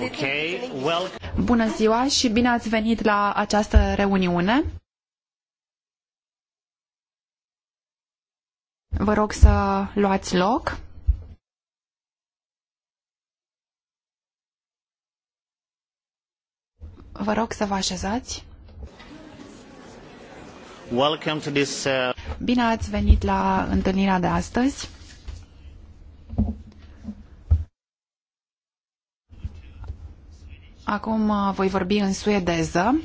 Okay, well... Bună ziua și bine ați venit la această reuniune. Vă rog să luați loc. Vă rog să vă așezați. Welcome to this, uh... Bine ați venit la întâlnirea de astăzi. Acum uh, voi vorbi în suedeză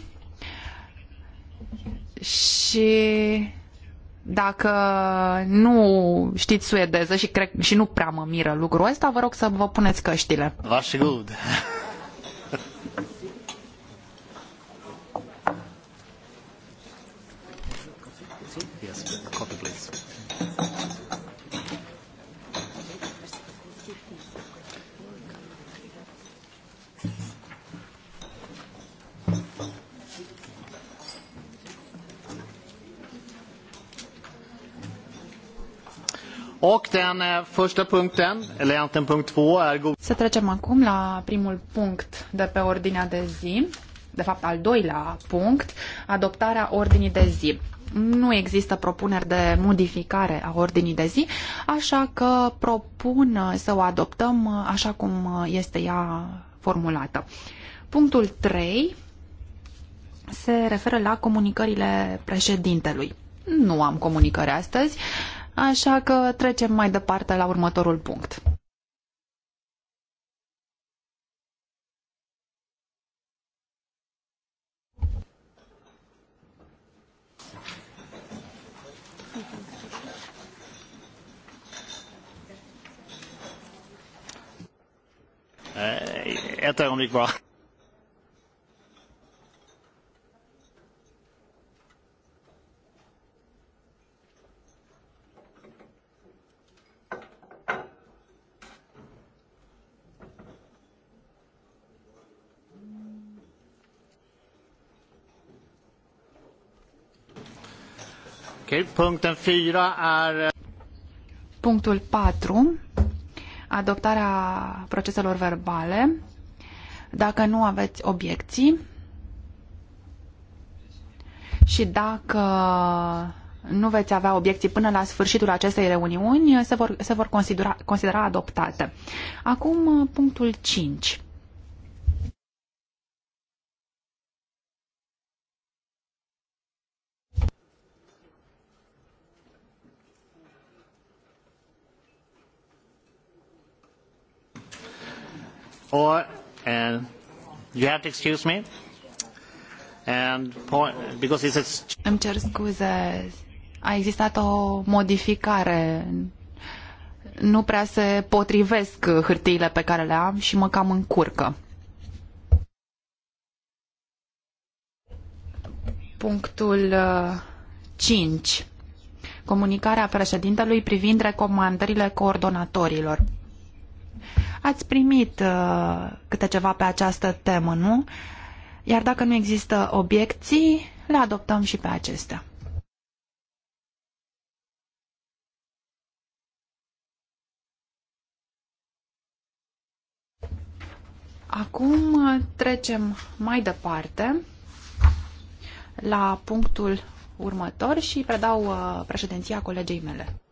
și dacă nu știți suedeză și, cred, și nu prea mă miră lucrul ăsta, vă rog să vă puneți căștile. Varsågod! Eh, să trecem acum la primul punct de pe ordinea de zi, de fapt al doilea punct, adoptarea ordinii de zi. Nu există propuneri de modificare a ordinii de zi, așa că propun eh, să o adoptăm eh, așa cum este ea formulată. Punctul 3 se referă la comunicările președintelui. Nu am comunicări astăzi așa că trecem mai departe la următorul punct. Ett eh, ögonblick bara. Okay, eh, punctul 4 Adoptarea proceselor verbale. Dacă nu aveți obiecții și dacă nu veți avea obiecții până la sfârșitul acestei reuniuni, se vor, se vor considera, considera adoptate. Acum, punctul 5. or and you have to excuse me and point, because it's a... Îmi cer scuze. A existat o modificare. Nu prea se potrivesc hârtiile pe care le am și mă cam încurcă. Punctul 5. Uh, Comunicarea președintelui privind recomandările coordonatorilor. Ați primit uh, câte ceva pe această temă, nu? Iar dacă nu există obiecții, le adoptăm și pe acestea. Acum uh, trecem mai departe la punctul următor și predau uh, președinția colegei mele.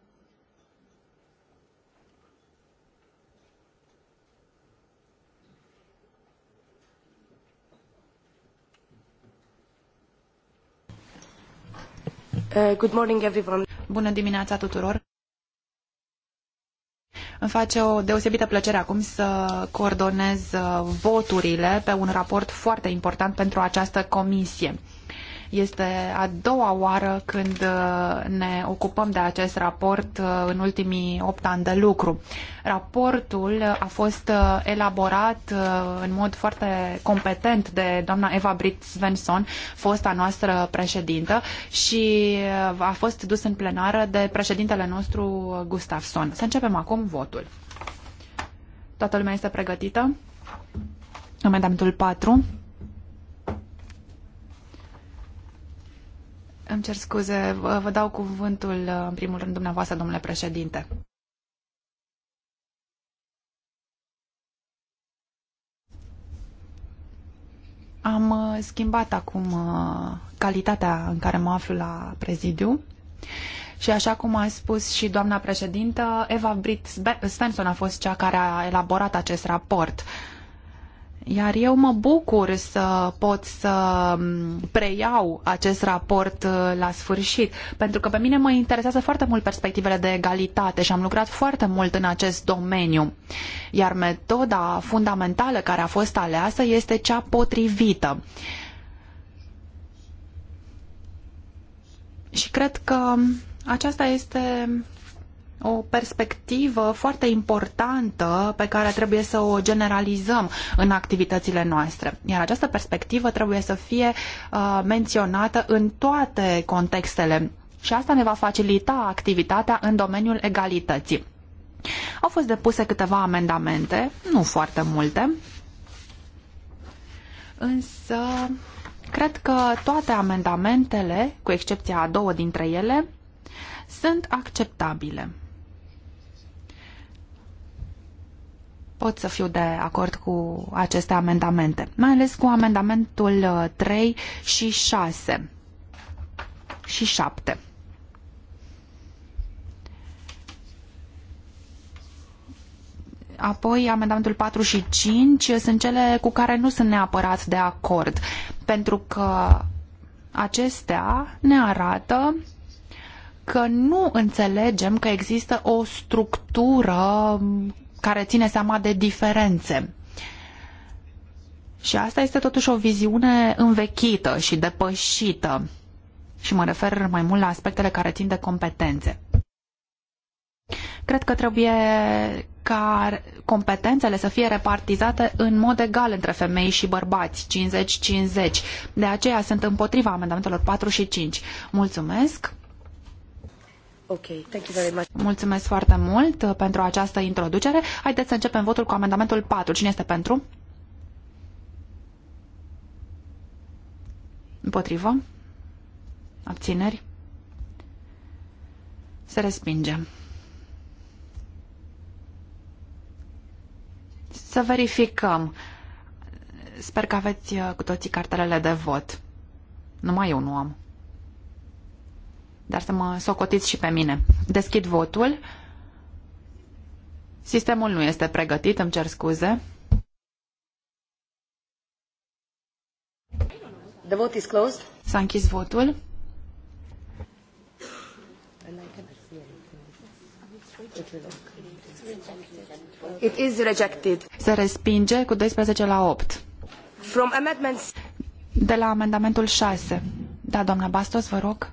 Uh, Bună dimineața tuturor. Îmi face o deosebită plăcere acum să coordonez uh, voturile pe un raport foarte important pentru această comisie. Este a doua oară când uh, ne ocupăm de acest raport uh, în ultimii opt ani de lucru. Raportul a fost uh, elaborat în mod foarte competent de doamna Eva Britt Svensson, fosta noastră președintă, și a fost dus în plenară de președintele nostru Gustafsson. Să începem acum votul. Toată lumea este pregătită? Amendamentul 4. Îmi cer scuze, vă, vă dau cuvântul uh, în primul rând dumneavoastră, domnule președinte. Am uh, schimbat acum uh, calitatea în care mă aflu la prezidiu și așa cum a spus și doamna președintă, Eva Britt Svensson a fost cea care a elaborat acest raport. Uh, iar eu mă bucur să pot să preiau acest raport uh, la sfârșit, pentru că pe mine mă interesează foarte mult perspectivele de egalitate și am lucrat foarte mult în acest domeniu. Iar metoda fundamentală care a fost aleasă este cea potrivită. Și cred că aceasta este o perspectivă foarte importantă pe care trebuie să o generalizăm în activitățile noastre. Iar această perspectivă trebuie să fie uh, menționată în toate contextele și asta ne va facilita activitatea în domeniul egalității. Au fost depuse câteva amendamente, nu foarte multe, însă cred că toate amendamentele, cu excepția a două dintre ele, sunt acceptabile. pot să fiu de acord cu aceste amendamente, mai ales cu amendamentul 3 uh, și 6 și 7. Apoi, amendamentul 4 și 5 sunt cele cu care nu sunt neapărat de acord, pentru că acestea ne arată că nu înțelegem că există o structură care ține seama de diferențe. Și asta este totuși o viziune învechită și depășită. Și mă refer mai mult la aspectele care țin de competențe. Cred că trebuie ca competențele să fie repartizate în mod egal între femei și bărbați, 50-50. De aceea sunt împotriva amendamentelor 4 și 5. Mulțumesc! Okay, thank you very much. Mulțumesc foarte mult uh, pentru această introducere. Haideți să începem votul cu amendamentul 4. Cine este pentru? Împotrivă? Abțineri? Se respinge. Să verificăm. Sper că aveți uh, cu toții cartelele de vot. Numai eu nu am dar să mă socotiți și pe mine. Deschid votul. Sistemul nu este pregătit, îmi cer scuze. The vote is closed. S-a închis votul. It is rejected. Se respinge cu 12 la 8. From amendments... De la amendamentul 6. Da, doamna Bastos, vă rog.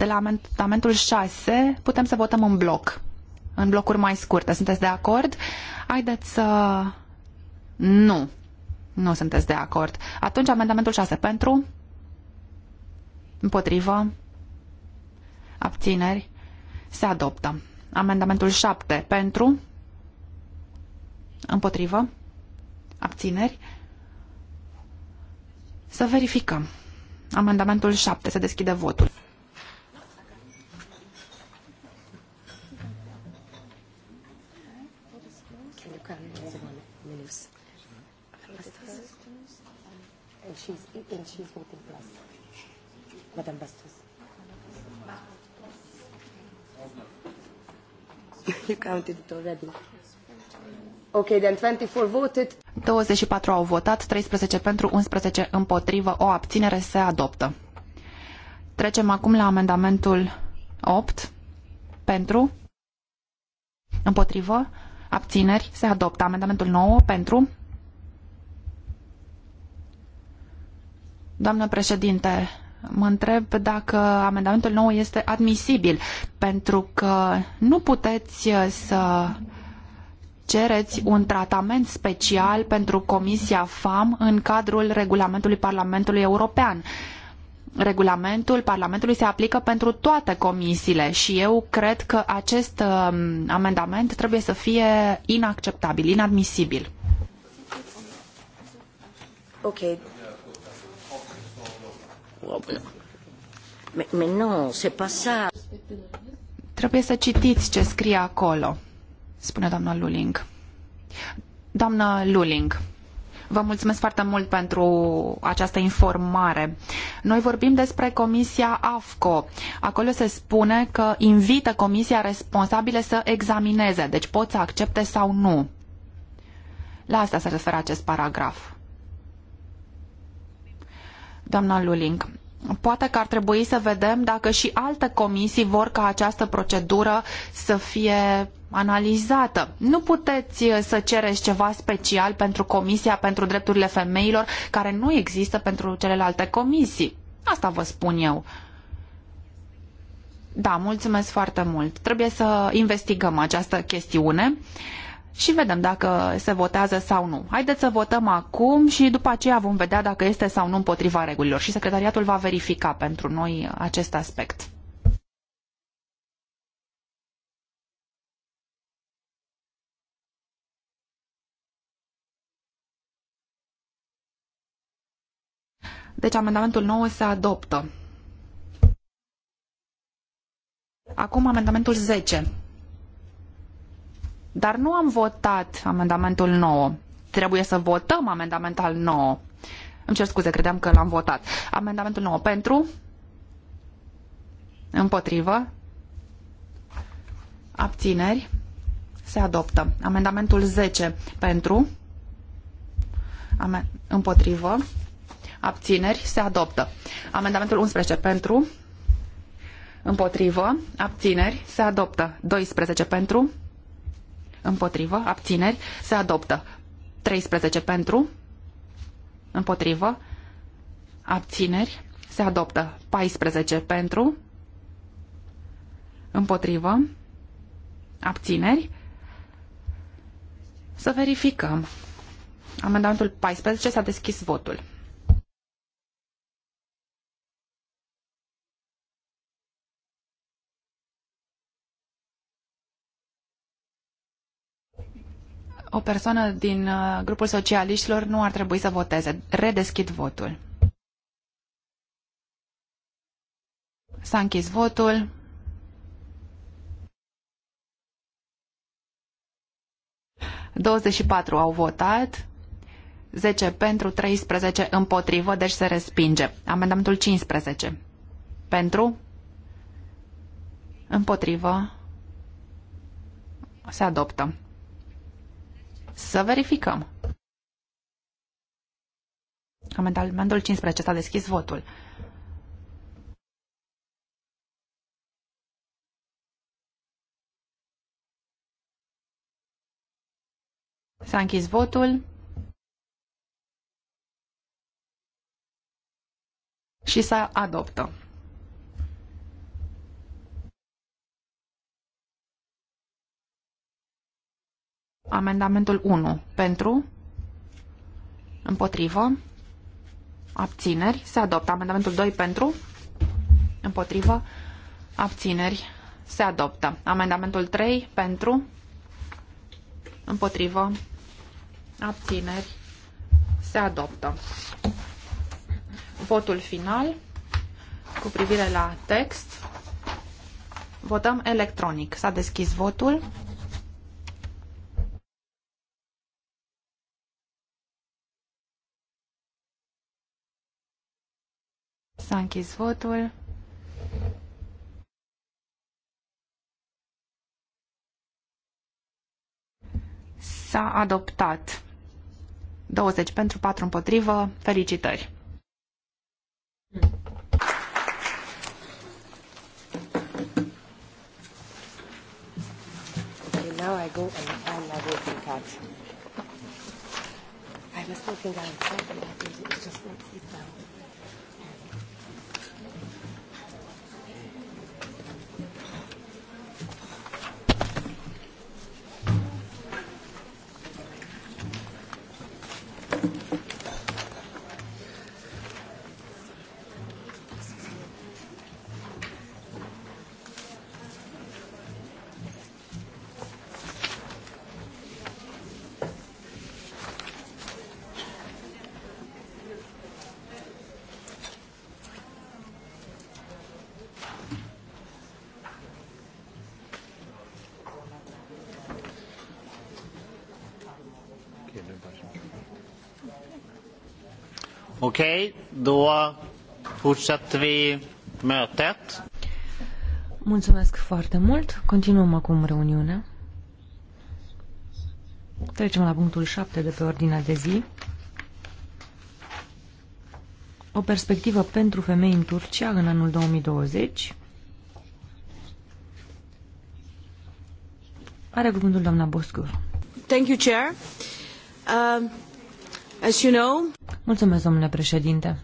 de la amendamentul 6 putem să votăm în bloc, în blocuri mai scurte. Sunteți de acord? Haideți să... Nu. Nu sunteți de acord. Atunci amendamentul 6 pentru? Împotrivă? Abțineri? Se adoptă. Amendamentul 7 pentru? Împotrivă? Abțineri? Să verificăm. Amendamentul 7. Se deschide votul. she's, and she's voting plus. Madame Bastos. you counted it already. Okay, then 24 voted. 24 au votat, 13 pentru, 11 împotrivă, o abținere se adoptă. Trecem acum la amendamentul 8. Pentru. Împotrivă. Abțineri. Se adoptă. Amendamentul 9. Pentru. Doamnă președinte, mă întreb dacă amendamentul nou este admisibil, pentru că nu puteți uh, să cereți un tratament special pentru Comisia FAM în cadrul regulamentului Parlamentului European. Regulamentul Parlamentului se aplică pentru toate comisiile și eu cred că acest uh, amendament trebuie să fie inacceptabil, inadmisibil. Okay. Trebuie să citiți ce scrie acolo, spune doamna Luling. Doamna Luling, vă mulțumesc foarte mult pentru această informare. Noi vorbim despre Comisia AFCO. Acolo se spune că invită Comisia responsabilă să examineze, deci pot să accepte sau nu. La asta se referă acest paragraf. Doamna Luling, poate că ar trebui să vedem dacă și alte comisii vor ca această procedură să fie analizată. Nu puteți uh, să cereți ceva special pentru Comisia pentru Drepturile Femeilor care nu există pentru celelalte comisii. Asta vă spun eu. Da, mulțumesc foarte mult. Trebuie să investigăm această chestiune. Uh, și vedem dacă se votează sau nu. Haideți să votăm acum și după aceea vom vedea dacă este sau nu împotriva regulilor și secretariatul va verifica pentru noi acest aspect. Deci amendamentul 9 se adoptă. Acum amendamentul 10. Dar nu am votat amendamentul 9. Trebuie să votăm amendamentul 9. Îmi cer scuze, credeam că l-am votat. Amendamentul 9 pentru? Împotrivă? Abțineri? Se adoptă. Amendamentul 10 pentru? Amen împotrivă? Abțineri? Se adoptă. Amendamentul 11 pentru? Împotrivă? Abțineri? Se adoptă. 12 pentru? împotrivă, abțineri, se adoptă. 13 pentru, împotrivă, abțineri, se adoptă. 14 pentru, împotrivă, abțineri. Să verificăm. Amendamentul 14 s-a deschis votul. o persoană din uh, grupul socialiștilor nu ar trebui să voteze. Redeschid votul. S-a închis votul. patru au votat, 10 pentru, 13 împotrivă, deci se respinge. Amendamentul 15. Pentru, împotrivă, se adoptă. Să verificăm. Amendamentul 15 s-a deschis votul. S-a închis votul. Și să adoptă. Amendamentul 1 pentru, împotrivă, abțineri, se adoptă. Amendamentul 2 pentru, împotrivă, abțineri, se adoptă. Amendamentul 3 pentru, împotrivă, abțineri, se adoptă. Votul final cu privire la text. Votăm electronic. S-a deschis votul. S-a închis votul. S-a adoptat. 20 pentru, 4 împotrivă. Felicitări! now I go and find my voting card. I I just not Okej, okay, då fortsätter vi mötet. Mulțumesc foarte mult. Continuăm acum reuniunea. Trecem la punctul 7 de pe ordinea de zi. O perspectivă pentru femei în Turcia în anul 2020. Are cuvântul doamna Boscu. Thank you, Chair. Uh, as you know... Mulțumesc, domnule președinte.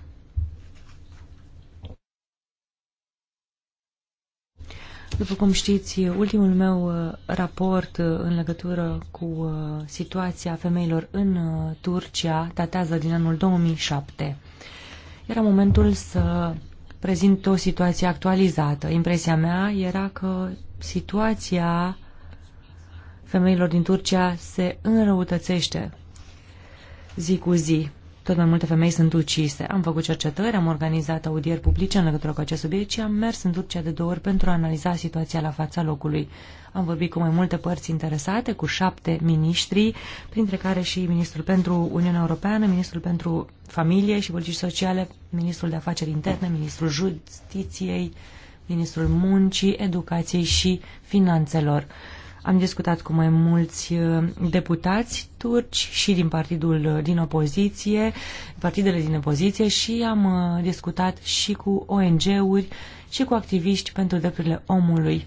După cum știți, ultimul meu uh, raport uh, în legătură cu uh, situația femeilor în Turcia datează din anul 2007. Era momentul să prezint o situație actualizată. Impresia mea era că situația femeilor din Turcia se înrăutățește zi cu zi tot mai multe femei sunt ucise. Am făcut cercetări, am organizat audieri publice în legătură cu acest subiect și am mers în Turcia de două ori pentru a analiza situația la fața locului. Am vorbit cu mai multe părți interesate, cu șapte miniștri, printre care și ministrul pentru Uniunea Europeană, ministrul pentru Familie și Politici Sociale, ministrul de Afaceri Interne, ministrul Justiției, ministrul Muncii, Educației și Finanțelor. Am discutat cu mai mulți uh, deputați turci și din partidul uh, din opoziție, partidele din opoziție și am uh, discutat și cu ONG-uri și cu activiști pentru drepturile omului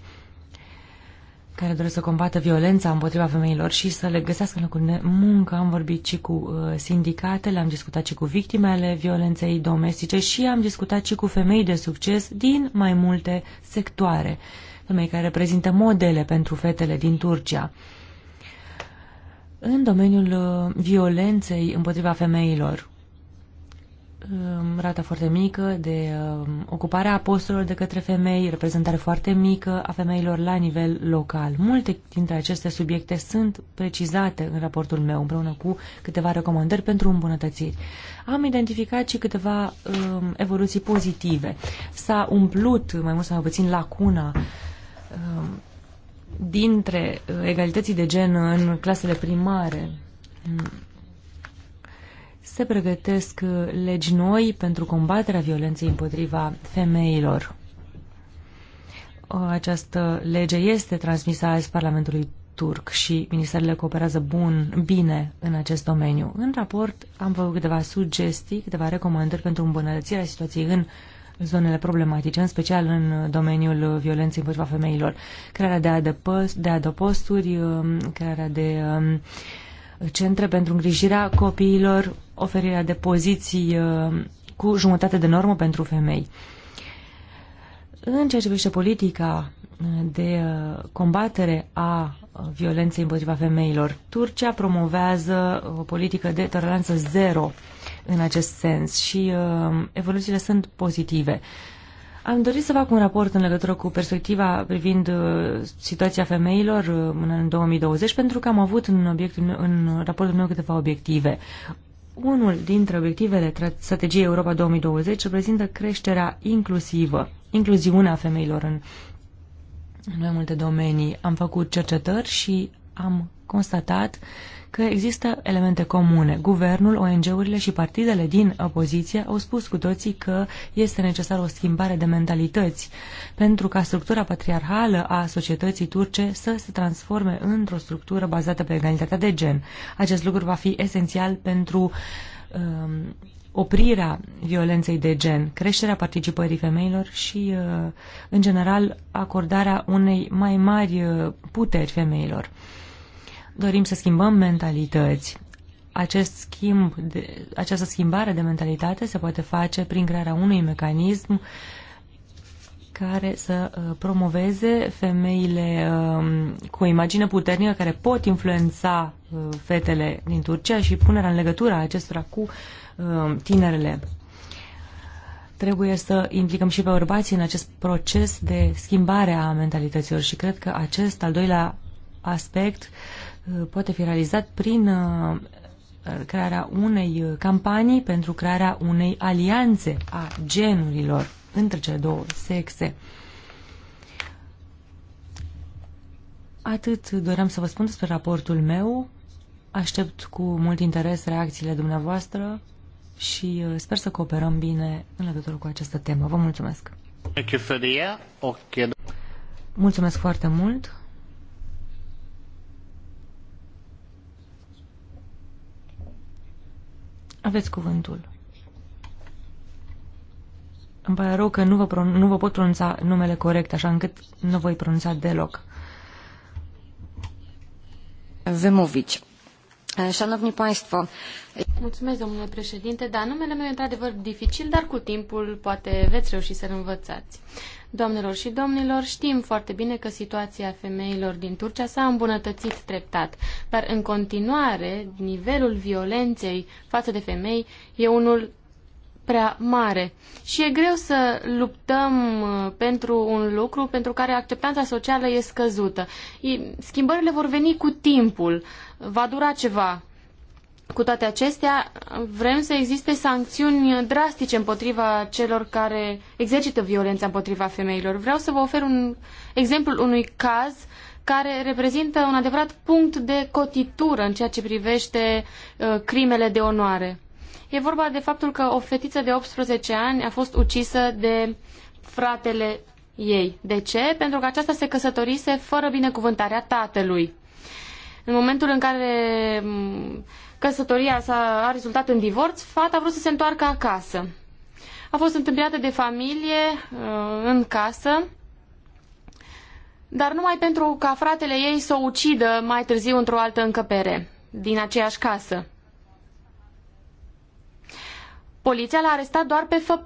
care doresc să combată violența împotriva femeilor și să le găsească în locuri de muncă. Am vorbit și cu sindicatele, am discutat și cu victimele violenței domestice și am discutat și cu femei de succes din mai multe sectoare femei care reprezintă modele pentru fetele din Turcia. În domeniul uh, violenței împotriva femeilor, um, rata foarte mică de um, ocuparea apostolilor de către femei, reprezentare foarte mică a femeilor la nivel local. Multe dintre aceste subiecte sunt precizate în raportul meu, împreună cu câteva recomandări pentru îmbunătățiri. Am identificat și câteva um, evoluții pozitive. S-a umplut mai mult sau mai puțin lacuna uh, Um, dintre uh, egalității de gen în clasele primare. Mm. Se pregătesc uh, legi noi pentru combaterea violenței împotriva femeilor. Această lege este transmisă azi Parlamentului turc și ministerele cooperează bun, bine în acest domeniu. În raport am văzut câteva sugestii, câteva recomandări pentru îmbunătățirea situației în zonele problematice, în special în domeniul violenței împotriva femeilor. Crearea de, adăpost, de adăposturi, um, crearea de um, centre pentru îngrijirea copiilor, oferirea de poziții um, cu jumătate de normă pentru femei. În ceea ce privește politica uh, de uh, combatere a uh, violenței împotriva femeilor, Turcia promovează o politică de toleranță zero în acest sens și uh, evoluțiile sunt pozitive. Am dorit să fac un raport în legătură cu perspectiva privind uh, situația femeilor uh, în 2020 pentru că am avut în, obiectul, în raportul meu câteva obiective. Unul dintre obiectivele strategiei Europa 2020 reprezintă creșterea inclusivă, incluziunea femeilor în, în mai multe domenii. Am făcut cercetări și am constatat uh, că există elemente comune. Guvernul, ONG-urile și partidele din opoziție au spus cu toții că este necesară o schimbare de mentalități pentru ca structura patriarhală a societății turce să se transforme într-o structură bazată pe egalitatea de gen. Acest lucru va fi esențial pentru um, oprirea violenței de gen, creșterea participării femeilor și, uh, în general, acordarea unei mai mari uh, puteri femeilor dorim să schimbăm mentalități. Acest schimb de, această schimbare de mentalitate se poate face prin crearea unui mecanism care să uh, promoveze femeile um, cu o imagine puternică care pot influența uh, fetele din Turcia și punerea în legătură a acestora cu um, tinerele. Trebuie să implicăm și pe bărbații în acest proces de schimbare a mentalităților și cred că acest al doilea aspect uh, Uh, poate fi realizat prin uh, crearea unei campanii pentru crearea unei alianțe a genurilor între cele două sexe. Atât doream să vă spun despre raportul meu. Aștept cu mult interes reacțiile dumneavoastră și uh, sper să cooperăm bine în legătură cu această temă. Vă mulțumesc! Mulțumesc foarte mult! Aveți cuvântul. Îmi pare rău că nu vă, nu vă pot pronunța numele corect, așa încât nu voi pronunța deloc. Vemovici. Szanowni Państwo. Mulțumesc, domnule președinte, dar numele meu e într-adevăr dificil, dar cu timpul poate veți reuși să-l învățați. Doamnelor și domnilor, știm foarte bine că situația femeilor din Turcia s-a îmbunătățit treptat, dar în continuare nivelul violenței față de femei e unul prea mare și e greu să luptăm uh, pentru un lucru pentru care acceptanța socială e scăzută. Schimbările vor veni cu timpul, va dura ceva. Cu toate acestea, vrem să existe sancțiuni drastice împotriva celor care exercită violența împotriva femeilor. Vreau să vă ofer un exemplu unui caz care reprezintă un adevărat punct de cotitură în ceea ce privește uh, crimele de onoare. E vorba de faptul că o fetiță de 18 ani a fost ucisă de fratele ei. De ce? Pentru că aceasta se căsătorise fără binecuvântarea tatălui. În momentul în care căsătoria s-a, a rezultat în divorț, fata a vrut să se întoarcă acasă. A fost întâmpinată de familie uh, în casă, dar numai pentru ca fratele ei să o ucidă mai târziu într-o altă încăpere, din aceeași casă poliția l-a arestat doar pe fă...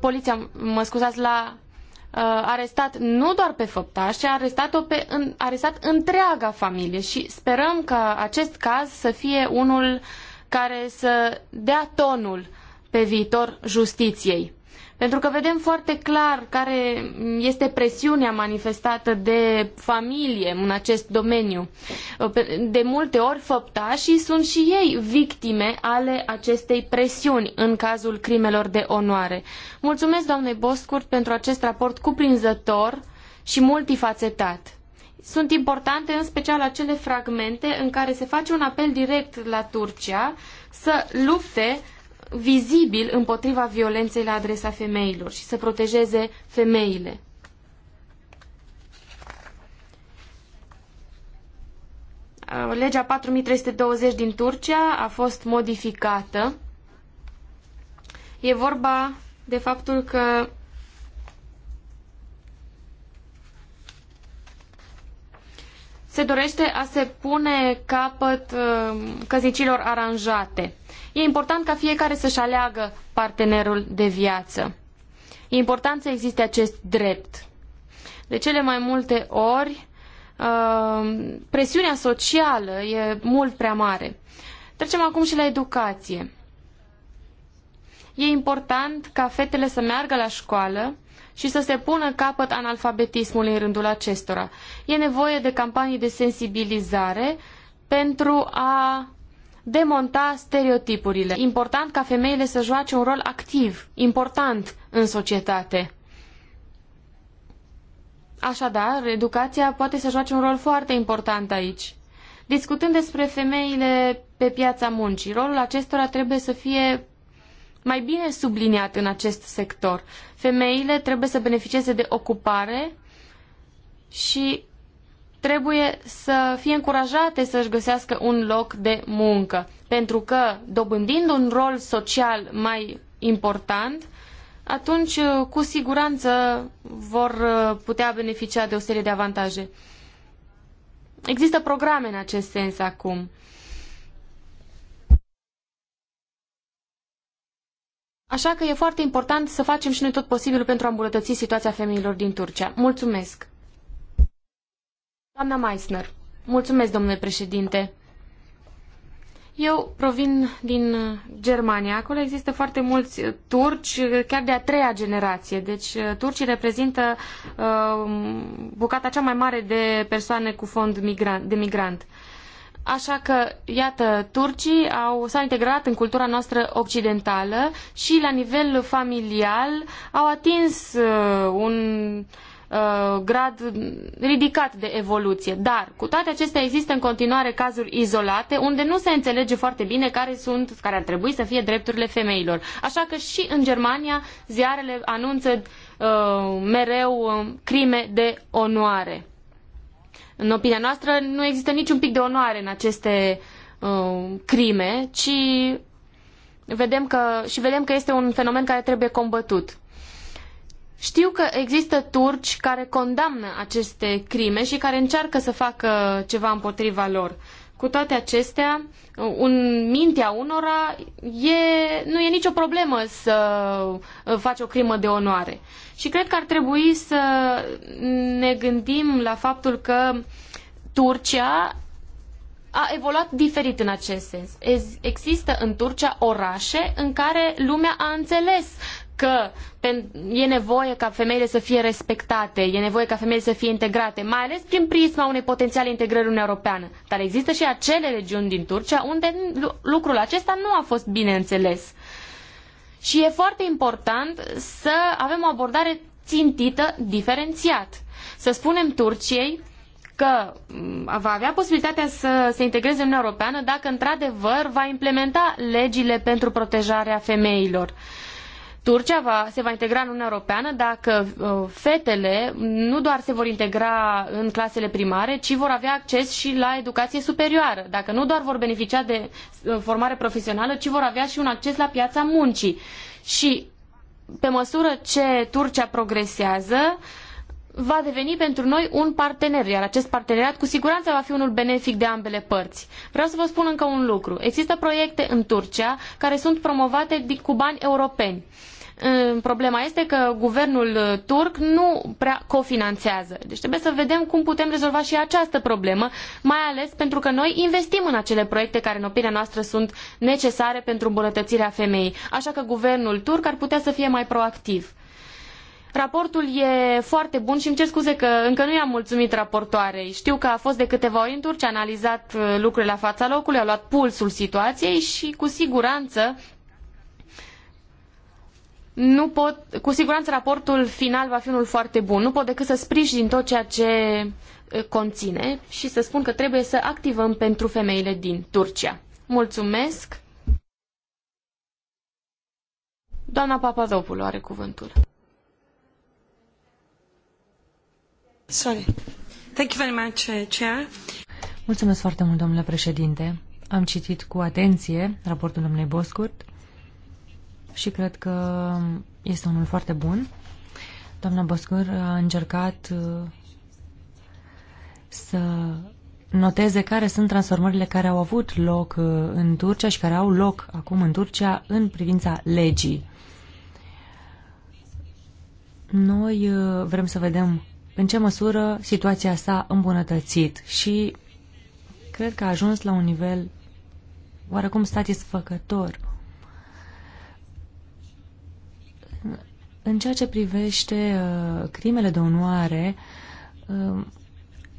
poliția, mă scuzați, l-a uh, arestat nu doar pe făptaș, ci a arestat-o pe, în, arestat întreaga familie și sperăm că acest caz să fie unul care să dea tonul pe viitor justiției. Pentru că vedem foarte clar care este presiunea manifestată de familie în acest domeniu. De multe ori făptașii sunt și ei victime ale acestei presiuni în cazul crimelor de onoare. Mulțumesc doamnei Boscurt pentru acest raport cuprinzător și multifacetat. Sunt importante în special acele fragmente în care se face un apel direct la Turcia să lupte vizibil împotriva violenței la adresa femeilor și să protejeze femeile. Legea 4320 din Turcia a fost modificată. E vorba de faptul că se dorește a se pune capăt uh, căznicilor aranjate. E important ca fiecare să-și aleagă partenerul de viață. E important să existe acest drept. De cele mai multe ori, uh, presiunea socială e mult prea mare. Trecem acum și la educație. E important ca fetele să meargă la școală și să se pună capăt analfabetismului în rândul acestora. E nevoie de campanii de sensibilizare pentru a demonta stereotipurile. Important ca femeile să joace un rol activ, important în societate. Așadar, educația poate să joace un rol foarte important aici. Discutând despre femeile pe piața muncii, rolul acestora trebuie să fie mai bine subliniat în acest sector. Femeile trebuie să beneficieze de ocupare și trebuie să fie încurajate să-și găsească un loc de muncă, pentru că dobândind un rol social mai important, atunci uh, cu siguranță vor uh, putea beneficia de o serie de avantaje. Există programe în acest sens acum. Așa că e foarte important să facem și noi tot posibilul pentru a îmbunătăți situația femeilor din Turcia. Mulțumesc! Doamna Meissner, mulțumesc, domnule președinte. Eu provin din Germania. Acolo există foarte mulți turci, chiar de a treia generație. Deci uh, turcii reprezintă uh, bucata cea mai mare de persoane cu fond migrant, de migrant. Așa că, iată, turcii au, s-au integrat în cultura noastră occidentală și la nivel familial au atins uh, un Uh, grad ridicat de evoluție. Dar, cu toate acestea, există în continuare cazuri izolate unde nu se înțelege foarte bine care sunt, care ar trebui să fie drepturile femeilor. Așa că și în Germania ziarele anunță uh, mereu uh, crime de onoare. În opinia noastră, nu există niciun pic de onoare în aceste uh, crime, ci vedem că, și vedem că este un fenomen care trebuie combătut. Știu că există turci care condamnă aceste crime și care încearcă să facă ceva împotriva lor. Cu toate acestea, în mintea unora e, nu e nicio problemă să faci o crimă de onoare. Și cred că ar trebui să ne gândim la faptul că Turcia a evoluat diferit în acest sens. Există în Turcia orașe în care lumea a înțeles că e nevoie ca femeile să fie respectate, e nevoie ca femeile să fie integrate, mai ales prin prisma unei potențiale integrări în europeană. Dar există și acele regiuni din Turcia unde lucrul acesta nu a fost bine înțeles. Și e foarte important să avem o abordare țintită diferențiat. Să spunem Turciei că mm, va avea posibilitatea să se integreze în Uniunea Europeană dacă într-adevăr va implementa legile pentru protejarea femeilor. Turcia va, se va integra în Uniunea Europeană dacă uh, fetele nu doar se vor integra în clasele primare, ci vor avea acces și la educație superioară. Dacă nu doar vor beneficia de uh, formare profesională, ci vor avea și un acces la piața muncii. Și pe măsură ce Turcia progresează, va deveni pentru noi un partener, iar acest parteneriat cu siguranță va fi unul benefic de ambele părți. Vreau să vă spun încă un lucru. Există proiecte în Turcia care sunt promovate cu bani europeni. Problema este că guvernul uh, turc nu prea cofinanțează. Deci trebuie să vedem cum putem rezolva și această problemă, mai ales pentru că noi investim în acele proiecte care, în opinia noastră, sunt necesare pentru îmbunătățirea femeii. Așa că guvernul turc ar putea să fie mai proactiv. Raportul e foarte bun și îmi cer scuze că încă nu i-am mulțumit raportoarei. Știu că a fost de câteva ori în Turcia, a analizat uh, lucrurile la fața locului, a luat pulsul situației și cu siguranță nu pot, cu siguranță raportul final va fi unul foarte bun. Nu pot decât să sprijin tot ceea ce uh, conține și să spun că trebuie să activăm pentru femeile din Turcia. Mulțumesc! Doamna Papadopoulou are cuvântul. Sorry. Thank you very much, uh, Chair. Mulțumesc foarte mult, domnule președinte. Am citit cu atenție raportul domnului Boscurt și cred că este unul foarte bun. Doamna Boscur a încercat uh, să noteze care sunt transformările care au avut loc uh, în Turcia și care au loc acum în Turcia în privința legii. Noi vrem să vedem în ce măsură situația s-a îmbunătățit și cred că a ajuns la un nivel oarecum satisfăcător. În ceea ce privește uh, crimele de onoare, uh,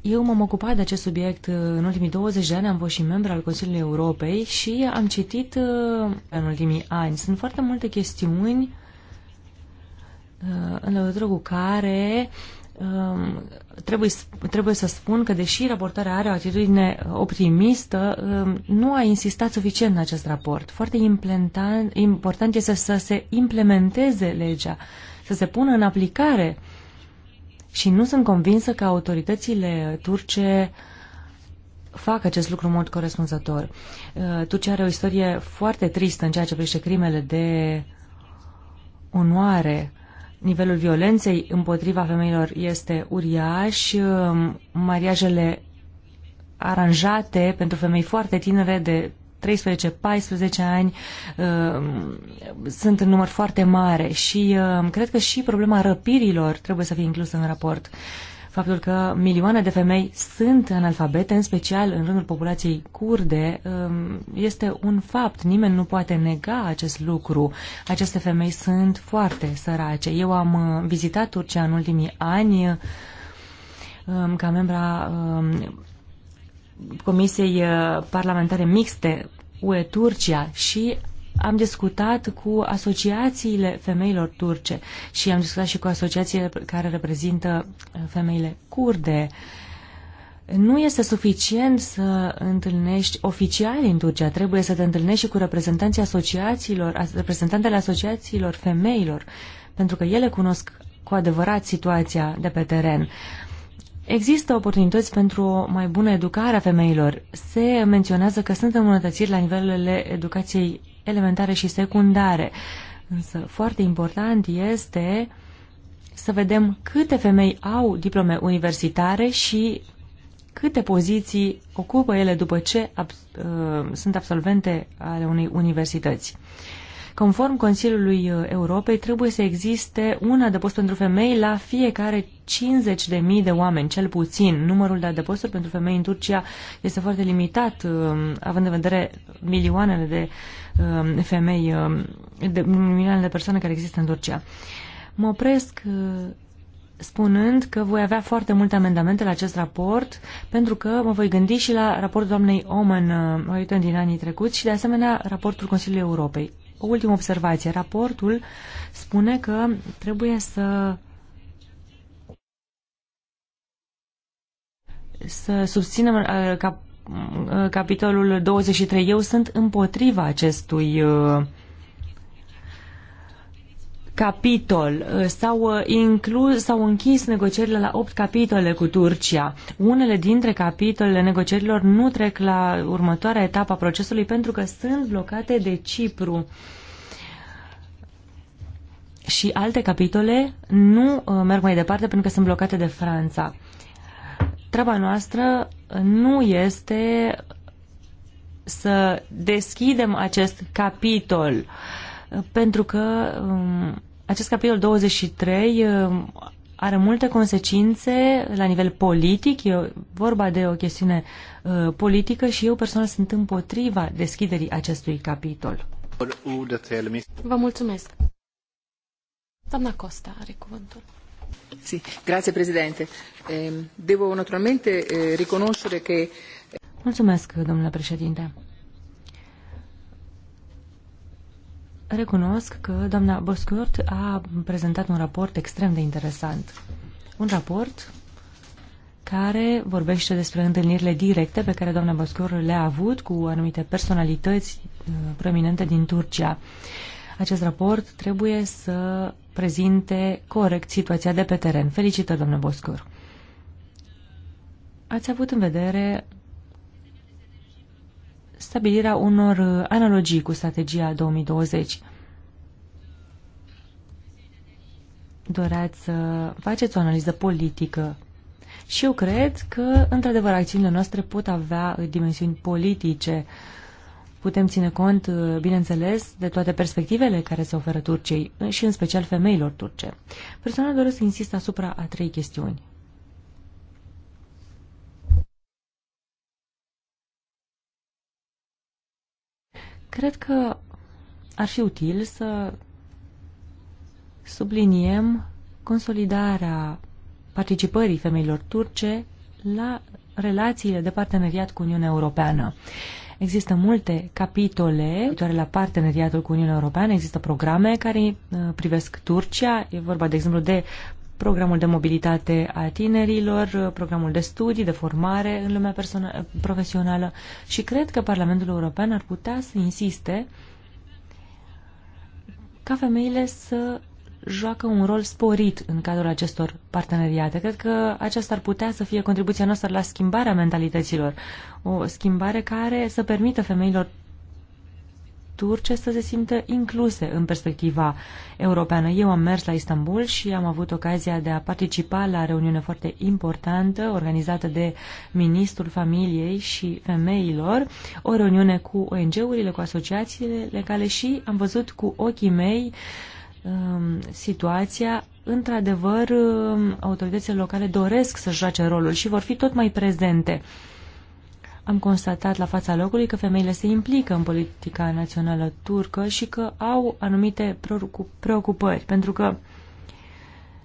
eu m-am ocupat de acest subiect uh, în ultimii 20 de ani, am fost și membru al Consiliului Europei și am citit uh, în ultimii ani. Sunt foarte multe chestiuni uh, în legătură cu care uh, Um, trebuie, trebuie să spun că, deși raportarea are o atitudine uh, optimistă, um, nu a insistat suficient în acest raport. Foarte important este să se implementeze legea, să se pună în aplicare. Și nu sunt convinsă că autoritățile turce fac acest lucru în mod corespunzător. Uh, Turcia are o istorie foarte tristă în ceea ce privește crimele de onoare Nivelul violenței împotriva femeilor este uriaș. Um, mariajele aranjate pentru femei foarte tinere de 13-14 ani um, sunt în număr foarte mare și um, cred că și problema răpirilor trebuie să fie inclusă în raport faptul că milioane de femei sunt analfabete, în special în rândul populației kurde, um, este un fapt. Nimeni nu poate nega acest lucru. Aceste femei sunt foarte sărace. Eu am uh, vizitat Turcia în ultimii ani um, ca membra um, Comisiei uh, Parlamentare Mixte UE-Turcia și am discutat cu asociațiile femeilor turce și am discutat și cu asociațiile care reprezintă uh, femeile curde. Nu este suficient să întâlnești oficiali în Turcia, trebuie să te întâlnești și cu reprezentanții asociațiilor, reprezentantele asociațiilor femeilor, pentru că ele cunosc cu adevărat situația de pe teren. Există oportunități pentru o mai bună educare a femeilor. Se menționează că sunt îmbunătățiri la nivelele educației elementare și secundare. Însă foarte important este să vedem câte femei au diplome universitare și câte poziții ocupă ele după ce ab- ă, sunt absolvente ale unei universități. Conform Consiliului uh, Europei, trebuie să existe un adăpost pentru femei la fiecare 50.000 de oameni, cel puțin. Numărul de adăposturi pentru femei în Turcia este foarte limitat, um, având în vedere milioanele de um, femei, um, de milioanele de persoane care există în Turcia. Mă opresc uh, spunând că voi avea foarte multe amendamente la acest raport, pentru că mă voi gândi și la raportul doamnei Omen, uităm uh, din anii trecuți, și de asemenea raportul Consiliului Europei o ultimă observație. Raportul spune că trebuie să să susținem uh, cap, uh, capitolul 23. Eu sunt împotriva acestui uh, capitol. Uh, s-au, uh, inclus, s-au închis negocierile la 8 capitole cu Turcia. Unele dintre capitolele negocierilor nu trec la următoarea etapă a procesului pentru că sunt blocate de Cipru. Și alte capitole nu uh, merg mai departe pentru că sunt blocate de Franța. Treaba noastră nu este să deschidem acest capitol uh, pentru că um, acest capitol 23 um, are multe consecințe la nivel politic, e vorba de o chestiune uh, politică și eu personal sunt împotriva deschiderii acestui capitol. Vă mulțumesc. Doamna Costa are cuvântul. Sì, grazie Presidente. Eh, devo naturalmente eh, riconoscere che... Eh, mulțumesc, domnule președinte. recunosc că doamna Boscurt a prezentat un raport extrem de interesant. Un raport care vorbește despre întâlnirile directe pe care doamna Boscurt le-a avut cu anumite personalități uh, prominente din Turcia. Acest raport trebuie să prezinte corect situația de pe teren. Felicită doamnă Boscur! Ați avut în vedere stabilirea unor uh, analogii cu strategia 2020. Doreați să faceți o analiză politică și eu cred că, într-adevăr, acțiunile noastre pot avea uh, dimensiuni politice. Putem ține cont, uh, bineînțeles, de toate perspectivele care se oferă Turciei și, în special, femeilor turce. Personal doresc să insist asupra a trei chestiuni. Cred că ar fi util să subliniem consolidarea participării femeilor turce la relațiile de parteneriat cu Uniunea Europeană. Există multe capitole doar la parteneriatul cu Uniunea Europeană, există programe care uh, privesc Turcia, e vorba de exemplu de programul de mobilitate a tinerilor, programul de studii, de formare în lumea profesională și cred că Parlamentul European ar putea să insiste ca femeile să joacă un rol sporit în cadrul acestor parteneriate. Cred că aceasta ar putea să fie contribuția noastră la schimbarea mentalităților. O schimbare care să permită femeilor turce să se simtă incluse în perspectiva europeană. Eu am mers la Istanbul și am avut ocazia de a participa la reuniune foarte importantă organizată de Ministrul Familiei și Femeilor, o reuniune cu ONG-urile, cu asociațiile legale și am văzut cu ochii mei um, situația într-adevăr um, autoritățile locale doresc să joace rolul și vor fi tot mai prezente. Uh, am constatat la fața locului că femeile se implică în politica națională turcă și că au anumite preocupări, pentru că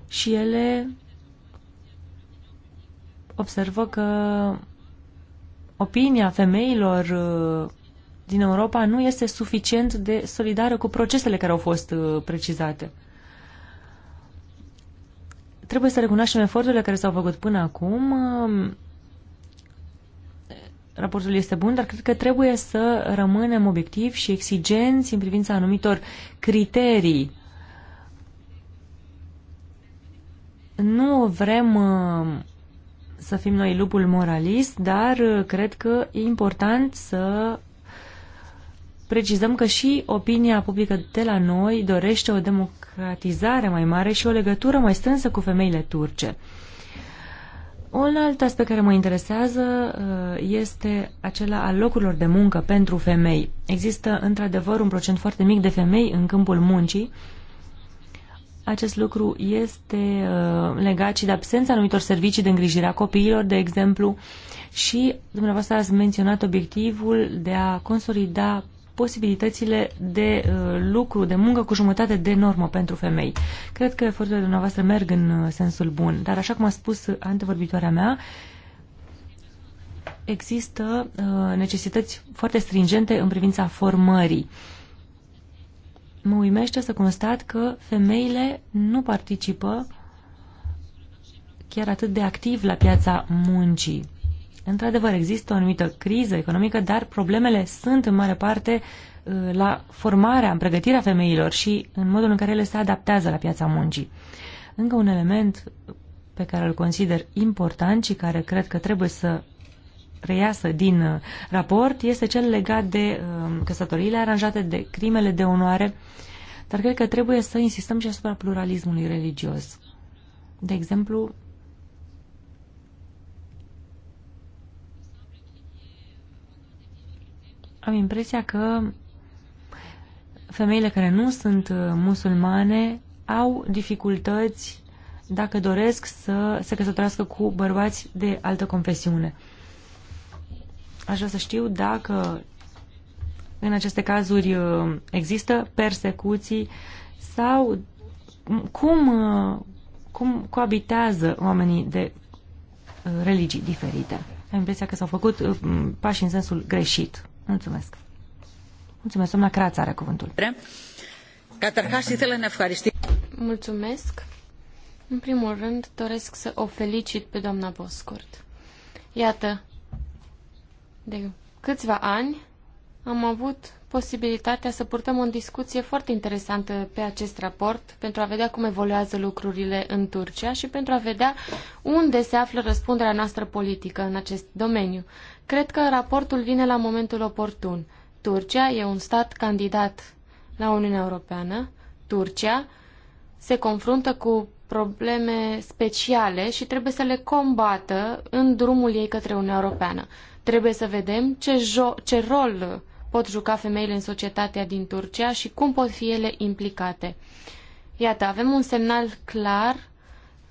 și ele observă că opinia femeilor uh, din Europa nu este suficient de solidară cu procesele care au fost uh, precizate. Trebuie să recunoaștem eforturile care s-au făcut până acum um, raportul este bun, dar cred că trebuie să rămânem obiectivi și exigenți în privința anumitor criterii. Nu vrem uh, să fim noi lupul moralist, dar uh, cred că e important să precizăm că și opinia publică de la noi dorește o democratizare mai mare și o legătură mai strânsă cu femeile turce. Un alt aspect care mă interesează uh, este acela al locurilor de muncă pentru femei. Există într-adevăr un procent foarte mic de femei în câmpul muncii. Acest lucru este uh, legat și de absența anumitor servicii de îngrijire a copiilor, de exemplu, și dumneavoastră ați menționat obiectivul de a consolida posibilitățile de uh, lucru, de muncă cu jumătate de normă pentru femei. Cred că eforturile dumneavoastră merg în uh, sensul bun, dar așa cum a spus antevorbitoarea mea, există uh, necesități foarte stringente în privința formării. Mă uimește să constat că femeile nu participă chiar atât de activ la piața muncii Într-adevăr, există o anumită criză economică, dar problemele sunt în mare parte uh, la formarea, în pregătirea femeilor și în modul în care ele se adaptează la piața muncii. Încă un element pe care îl consider important și care cred că trebuie să reiasă din uh, raport este cel legat de uh, căsătoriile aranjate, de crimele de onoare, dar cred că trebuie să insistăm și asupra pluralismului religios. De exemplu, am impresia că femeile care nu sunt uh, musulmane au dificultăți dacă doresc să se căsătorească cu bărbați de altă confesiune. Aș vrea să știu dacă în aceste cazuri uh, există persecuții sau cum, uh, cum coabitează oamenii de religii diferite. Am impresia că s-au făcut pași în sensul greșit. Mulțumesc. Mulțumesc, doamna Crața are cuvântul. Mulțumesc. În primul rând, doresc să o felicit pe doamna Boscort. Iată, de câțiva ani am avut posibilitatea să purtăm o discuție foarte interesantă pe acest raport pentru a vedea cum evoluează lucrurile în Turcia și pentru a vedea unde se află răspunderea noastră politică în acest domeniu. Cred că raportul vine la momentul oportun. Turcia e un stat candidat la Uniunea Europeană. Turcia se confruntă cu probleme speciale și trebuie să le combată în drumul ei către Uniunea Europeană. Trebuie să vedem ce, ce rol pot juca femeile în societatea din Turcia și cum pot fi ele implicate. Iată, avem un semnal clar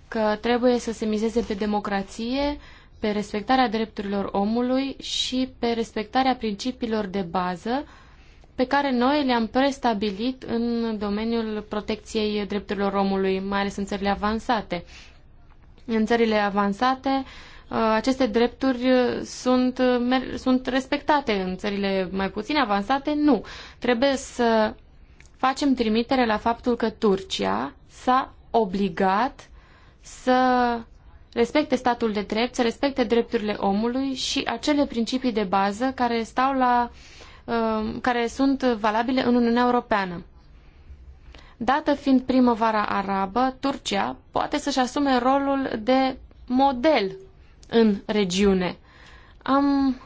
că trebuie să se mizeze pe democrație, pe respectarea drepturilor omului și pe respectarea principiilor de bază pe care noi le-am prestabilit în domeniul protecției drepturilor omului, mai ales în țările avansate. În țările avansate, uh, aceste drepturi sunt, sunt respectate, în țările mai puțin avansate nu. Trebuie să facem trimitere la faptul că Turcia s-a obligat să respecte statul de drept, să respecte drepturile omului și acele principii de bază care stau la uh, care sunt valabile în Uniunea Europeană. Dată fiind primăvara arabă, Turcia poate să-și asume rolul de model în regiune. Am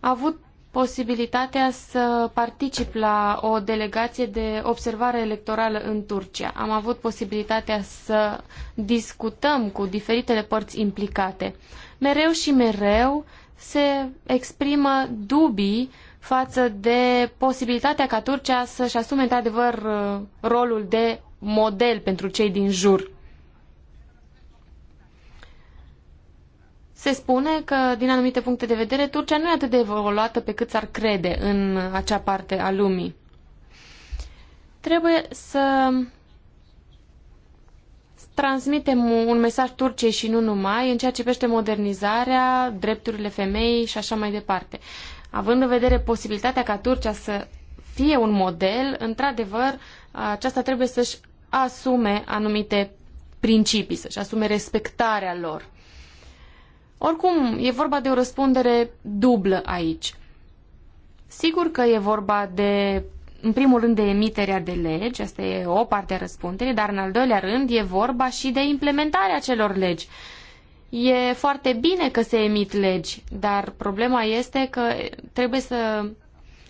avut posibilitatea să particip la o delegație de observare electorală în Turcia. Am avut posibilitatea să discutăm cu diferitele părți implicate. Mereu și mereu se exprimă dubii față de posibilitatea ca Turcia să-și asume într-adevăr uh, rolul de model pentru cei din jur. se spune că, din anumite puncte de vedere, Turcia nu e atât de evoluată pe cât s-ar crede în acea parte a lumii. Trebuie să transmitem un mesaj Turciei și nu numai în ceea ce privește modernizarea, drepturile femeii și așa mai departe. Având în vedere posibilitatea ca Turcia să fie un model, într-adevăr, aceasta trebuie să-și asume anumite principii, să-și asume respectarea lor. Oricum, e vorba de o răspundere dublă aici. Sigur că e vorba de, în primul rând, de emiterea de legi, asta e o parte a răspunderii, dar în al doilea rând e vorba și de implementarea celor legi. E foarte bine că se emit legi, dar problema este că trebuie să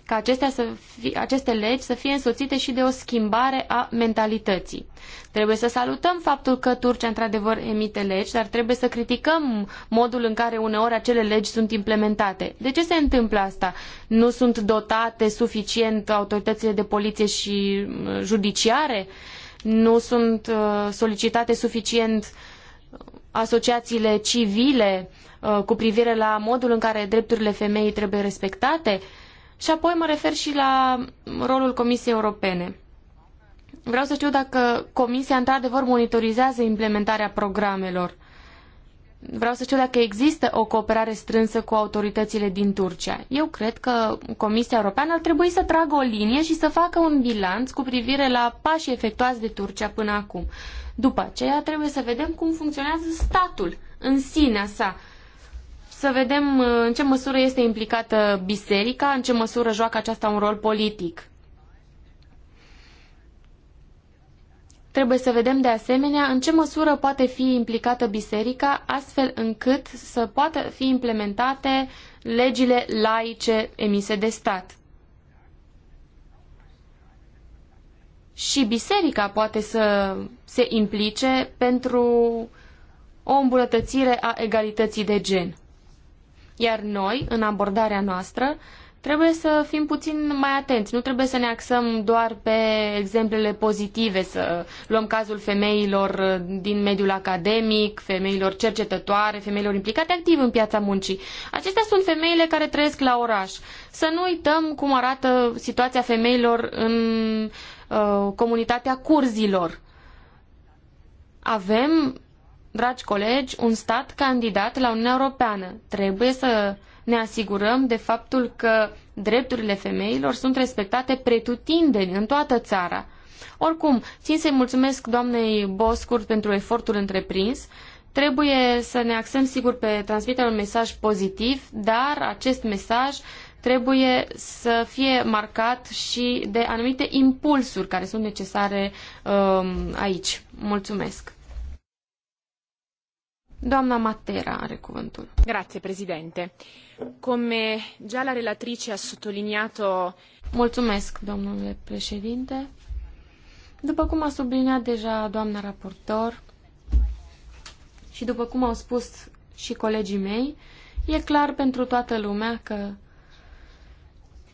ca acestea să fie, aceste legi să fie însoțite și de o schimbare a mentalității. Trebuie să salutăm faptul că Turcia într-adevăr emite legi, dar trebuie să criticăm modul în care uneori acele legi sunt implementate. De ce se întâmplă asta? Nu sunt dotate suficient autoritățile de poliție și uh, judiciare? Nu sunt uh, solicitate suficient uh, asociațiile civile cu privire la modul în care drepturile femeii trebuie respectate? Și apoi mă refer și la rolul Comisiei Europene. Vreau să știu dacă Comisia într-adevăr monitorizează implementarea programelor. Vreau să știu dacă există o cooperare strânsă cu autoritățile din Turcia. Eu cred că Comisia Europeană ar trebui să tragă o linie și să facă un bilanț cu privire la pașii efectuați de Turcia până acum. După aceea trebuie să vedem cum funcționează statul în sinea sa, să vedem uh, în ce măsură este implicată biserica, în ce măsură joacă aceasta un rol politic. Trebuie să vedem de asemenea în ce măsură poate fi implicată biserica astfel încât să poată fi implementate legile laice emise de stat. Și biserica poate să se implice pentru o îmbunătățire a egalității de gen. Iar noi, în abordarea noastră, trebuie să fim puțin mai atenți. Nu trebuie să ne axăm doar pe exemplele pozitive, să luăm cazul femeilor uh, din mediul academic, femeilor cercetătoare, femeilor implicate activ în piața muncii. Acestea sunt femeile care trăiesc la oraș. Să nu uităm cum arată situația femeilor în uh, comunitatea curzilor. Avem Dragi colegi, un stat candidat la Uniunea Europeană trebuie să ne asigurăm de faptul că drepturile femeilor sunt respectate pretutindeni în toată țara. Oricum, țin să-i mulțumesc doamnei Boscurt pentru efortul întreprins. Trebuie să ne axăm sigur pe transmiterea un mesaj pozitiv, dar acest mesaj trebuie să fie marcat și de anumite impulsuri care sunt necesare um, aici. Mulțumesc! Doamna Matera are cuvântul. Grazie, Presidente. Come già la relatrice ha sottolineato... Mulțumesc, domnule președinte. După cum a subliniat deja doamna raportor și după cum au spus și colegii mei, e clar pentru toată lumea că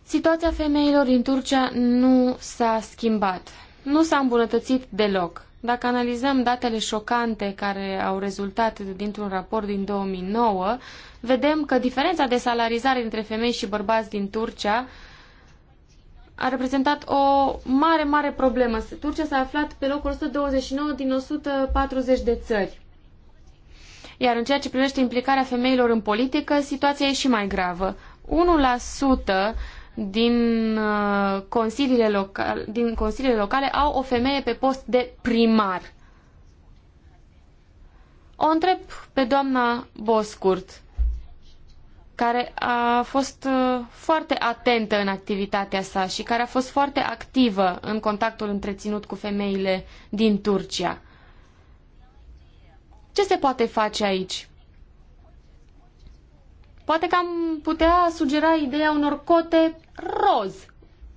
situația femeilor din Turcia nu s-a schimbat, nu s-a îmbunătățit deloc. Dacă analizăm datele șocante care au rezultat dintr-un raport din 2009, vedem că diferența de salarizare între femei și bărbați din Turcia a reprezentat o mare, mare problemă. Turcia s-a aflat pe locul 129 din 140 de țări. Iar în ceea ce privește implicarea femeilor în politică, situația e și mai gravă din uh, consiliile, locale, din consiliile locale au o femeie pe post de primar. O întreb pe doamna Boscurt, care a fost uh, foarte atentă în activitatea sa și care a fost foarte activă în contactul întreținut cu femeile din Turcia. Ce se poate face aici? Poate că am putea sugera ideea unor cote roz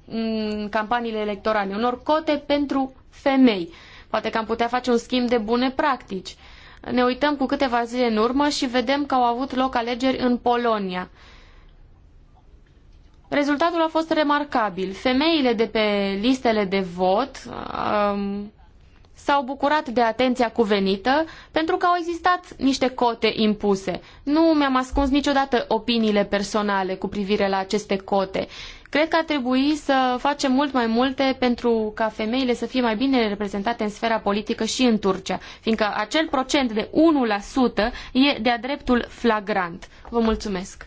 în campaniile electorale, unor cote pentru femei. Poate că am putea face un schimb de bune practici. Ne uităm cu câteva zile în urmă și vedem că au avut loc alegeri în Polonia. Rezultatul a fost remarcabil. Femeile de pe listele de vot um, s-au bucurat de atenția cuvenită pentru că au existat niște cote impuse. Nu mi-am ascuns niciodată opiniile personale cu privire la aceste cote. Cred că ar trebui să facem mult mai multe pentru ca femeile să fie mai bine reprezentate în sfera politică și în Turcia, fiindcă acel procent de 1% e de-a dreptul flagrant. Vă mulțumesc!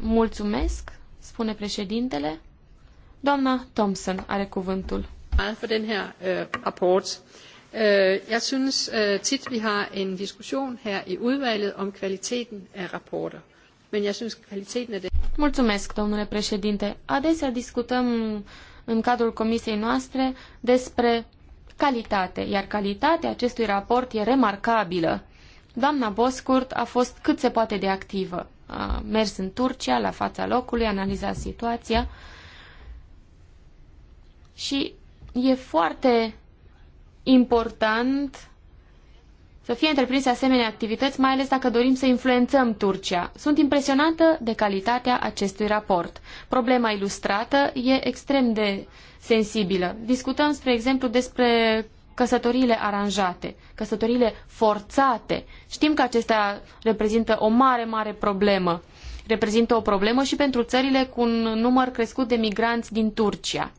Mulțumesc, spune președintele. Doamna Thompson are cuvântul meget for den her øh, rapport. Øh, jeg synes øh, tit, vi har en diskussion her i udvalget om kvaliteten af rapporter. Men jeg synes, kvaliteten af det... Mulțumesc, domnule președinte. Adesea discutăm în cadrul comisiei noastre despre calitate, iar calitatea acestui raport e remarcabilă. Doamna Boscurt a fost cât se poate de activă. A mers în Turcia, la fața locului, a situația și E foarte important să fie întreprinse asemenea activități, mai ales dacă dorim să influențăm Turcia. Sunt impresionată de calitatea acestui raport. Problema ilustrată e extrem de sensibilă. Discutăm, spre exemplu, despre căsătoriile aranjate, căsătoriile forțate. Știm că acestea reprezintă o mare, mare problemă. Reprezintă o problemă și pentru țările cu un număr crescut de migranți din Turcia.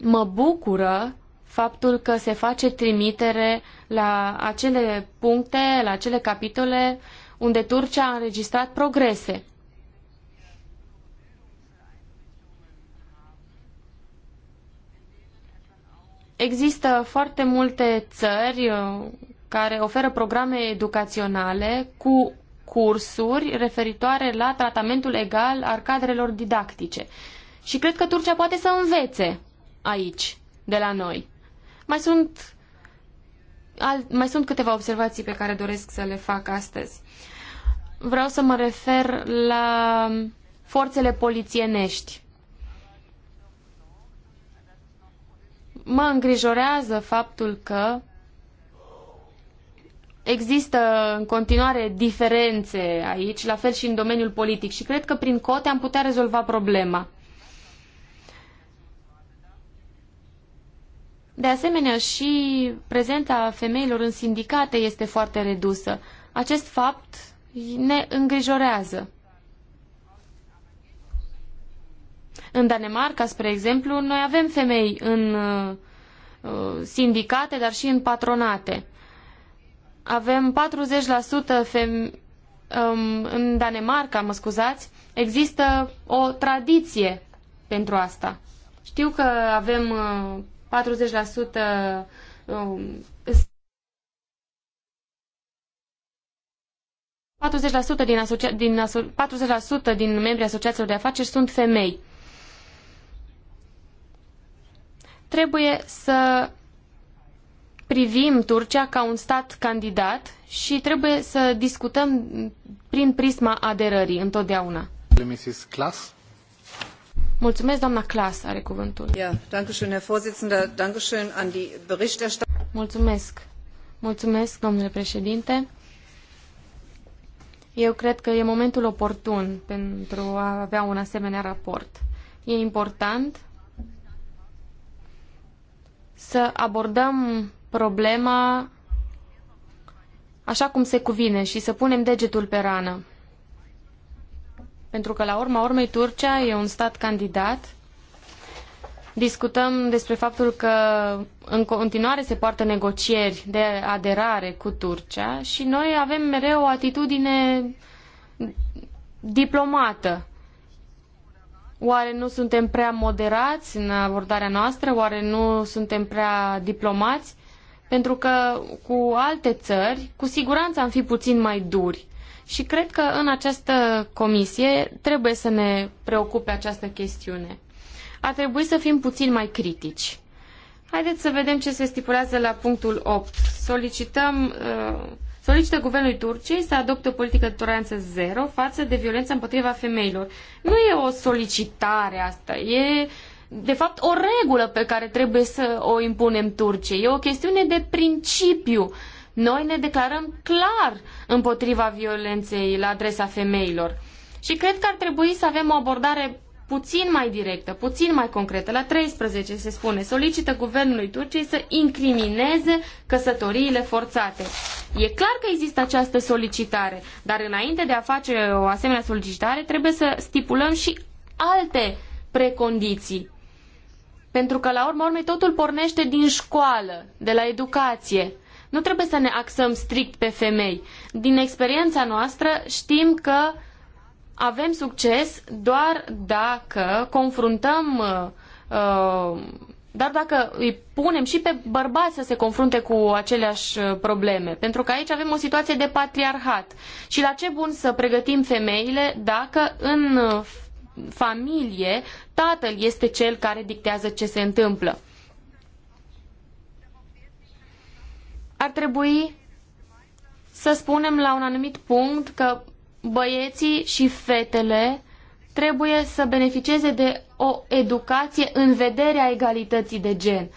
Mă bucură faptul că se face trimitere la acele puncte, la acele capitole unde Turcia a înregistrat progrese. Există foarte multe țări uh, care oferă programe educaționale cu cursuri referitoare la tratamentul egal al cadrelor didactice. Și cred că Turcia poate să învețe aici, de la noi. Mai sunt, al, mai sunt câteva observații pe care doresc să le fac astăzi. Vreau să mă refer la forțele polițienești. Mă îngrijorează faptul că există în continuare diferențe aici, la fel și în domeniul politic și cred că prin cote am putea rezolva problema. De asemenea, și prezența femeilor în sindicate este foarte redusă. Acest fapt ne îngrijorează. În Danemarca, spre exemplu, noi avem femei în uh, sindicate, dar și în patronate. Avem 40% femei um, în Danemarca, mă scuzați, există o tradiție pentru asta. Știu că avem uh, 40% 40% um, din, asocia- din, aso- 40% din membrii asociațiilor de afaceri sunt femei. Trebuie să privim Turcia ca un stat candidat și trebuie să discutăm prin prisma aderării întotdeauna. Mrs. Mulțumesc, doamna Clas, cuvântul. Mulțumesc. Mulțumesc, domnule președinte. Eu cred că e momentul oportun pentru a avea un asemenea raport. E important să abordăm problema așa cum se cuvine și să punem degetul pe rană pentru că la urma urmei Turcia e un stat candidat. Discutăm despre faptul că în continuare se poartă negocieri de aderare cu Turcia și noi avem mereu o atitudine diplomată. Oare nu suntem prea moderați în abordarea noastră? Oare nu suntem prea diplomați? Pentru că cu alte țări, cu siguranță am fi puțin mai duri. Și cred că în această comisie trebuie să ne preocupe această chestiune. Ar trebui să fim puțin mai critici. Haideți să vedem ce se stipulează la punctul 8. Solicităm, uh, solicită Guvernului Turciei să adopte o politică de toleranță zero față de violența împotriva femeilor. Nu e o solicitare asta, e de fapt o regulă pe care trebuie să o impunem Turciei. E o chestiune de principiu. Uh, noi ne declarăm clar împotriva violenței la adresa femeilor. Și cred că ar trebui să avem o abordare puțin mai directă, puțin mai concretă. La 13 se spune, solicită guvernului Turciei să incrimineze căsătoriile forțate. E clar că există această solicitare, dar înainte de a face o asemenea solicitare trebuie să stipulăm și alte precondiții. Pentru că la urmă, urmei totul pornește din școală, de la educație. Nu trebuie să ne axăm strict pe femei. Din experiența noastră știm că avem succes doar dacă confruntăm uh, dar dacă îi punem și pe bărbați să se confrunte cu aceleași uh, probleme, pentru că aici avem o situație de patriarhat. Și la ce bun să pregătim femeile dacă în uh, familie tatăl este cel care dictează ce se întâmplă? ar trebui să spunem la un anumit punct că băieții și fetele trebuie să beneficieze de o educație în vederea egalității de gen.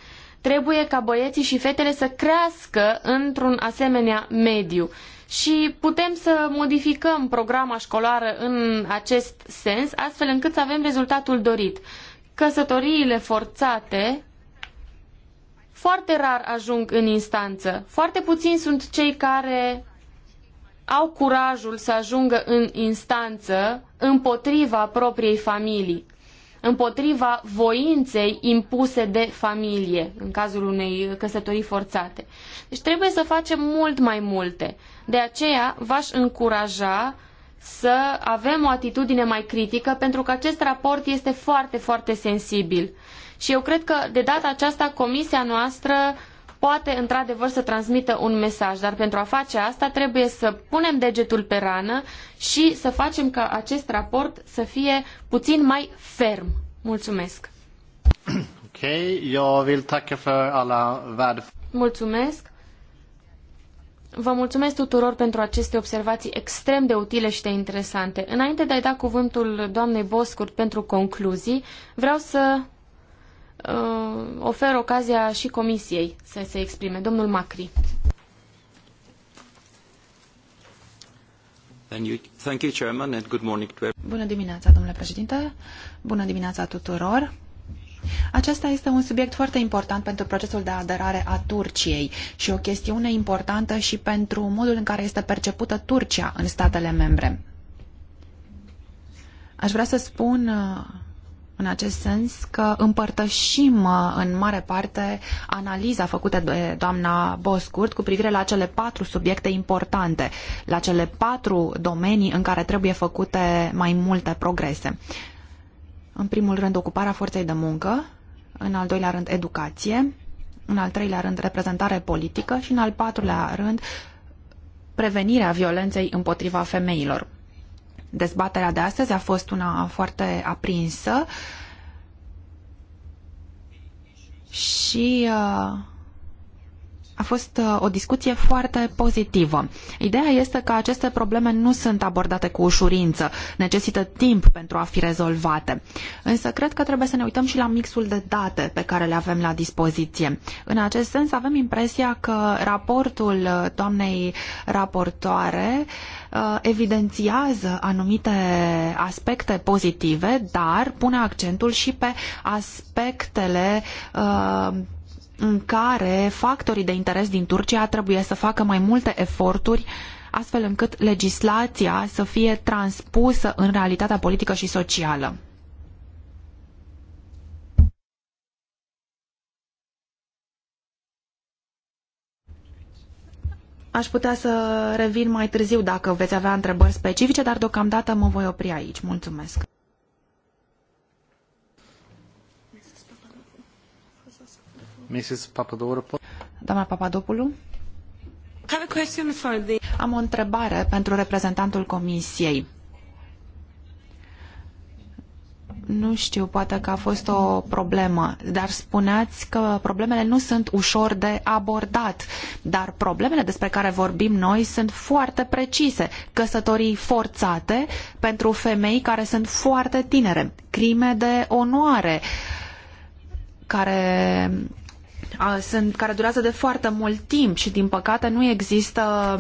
Trebuie ca băieții și fetele să crească într-un asemenea mediu. Și putem să modificăm programa școlară în acest sens, astfel încât să avem rezultatul dorit. Căsătoriile forțate foarte rar ajung în instanță. Foarte puțini sunt cei care au curajul să ajungă în instanță împotriva propriei familii, împotriva voinței impuse de familie în cazul unei căsătorii forțate. Deci trebuie să facem mult mai multe. De aceea v-aș încuraja să avem o atitudine mai critică pentru că acest raport este foarte, foarte sensibil. Și eu cred că de data aceasta comisia noastră poate într-adevăr să transmită un mesaj, dar pentru a face asta trebuie să punem degetul pe rană și să facem ca acest raport să fie puțin mai ferm. Mulțumesc! eu alla Mulțumesc! Vă mulțumesc tuturor pentru aceste observații extrem de utile și de interesante. Înainte de a-i da cuvântul doamnei Boscurt pentru concluzii, vreau să uh, ofer ocazia și comisiei să se exprime. Domnul Macri. Thank you, Chairman, and good morning to Bună dimineața, domnule președinte. Bună dimineața tuturor. Acesta este un subiect foarte important pentru procesul de aderare a Turciei și o chestiune importantă și pentru modul în care este percepută Turcia în statele membre. Aș vrea să spun uh, în acest sens că împărtășim uh, în mare parte analiza făcută de doamna Boscurt cu privire la cele patru subiecte importante, la cele patru domenii în care trebuie făcute mai multe progrese. În primul rând, ocuparea forței de muncă, în al doilea rând, educație, în al treilea rând, reprezentare politică și în al patrulea rând, prevenirea violenței împotriva femeilor. Dezbaterea de astăzi a fost una foarte aprinsă și uh, a fost uh, o discuție foarte pozitivă. Ideea este că aceste probleme nu sunt abordate cu ușurință, necesită timp pentru a fi rezolvate. Însă cred că trebuie să ne uităm și la mixul de date pe care le avem la dispoziție. În acest sens avem impresia că raportul uh, doamnei raportoare uh, evidențiază anumite aspecte pozitive, dar pune accentul și pe aspectele în care factorii de interes din Turcia trebuie să facă mai multe eforturi astfel încât legislația să fie transpusă în realitatea politică și socială. Aș putea să revin mai târziu dacă veți avea întrebări specifice, dar deocamdată mă voi opri aici. Mulțumesc! Mrs. Papadopoulou. Doamna Papadopoulou. Am o întrebare pentru reprezentantul Comisiei. Nu știu, poate că a fost o problemă, dar spuneați că problemele nu sunt ușor de abordat, dar problemele despre care vorbim noi sunt foarte precise. Căsătorii forțate pentru femei care sunt foarte tinere, crime de onoare care sunt, care durează de foarte mult timp și, din păcate, nu există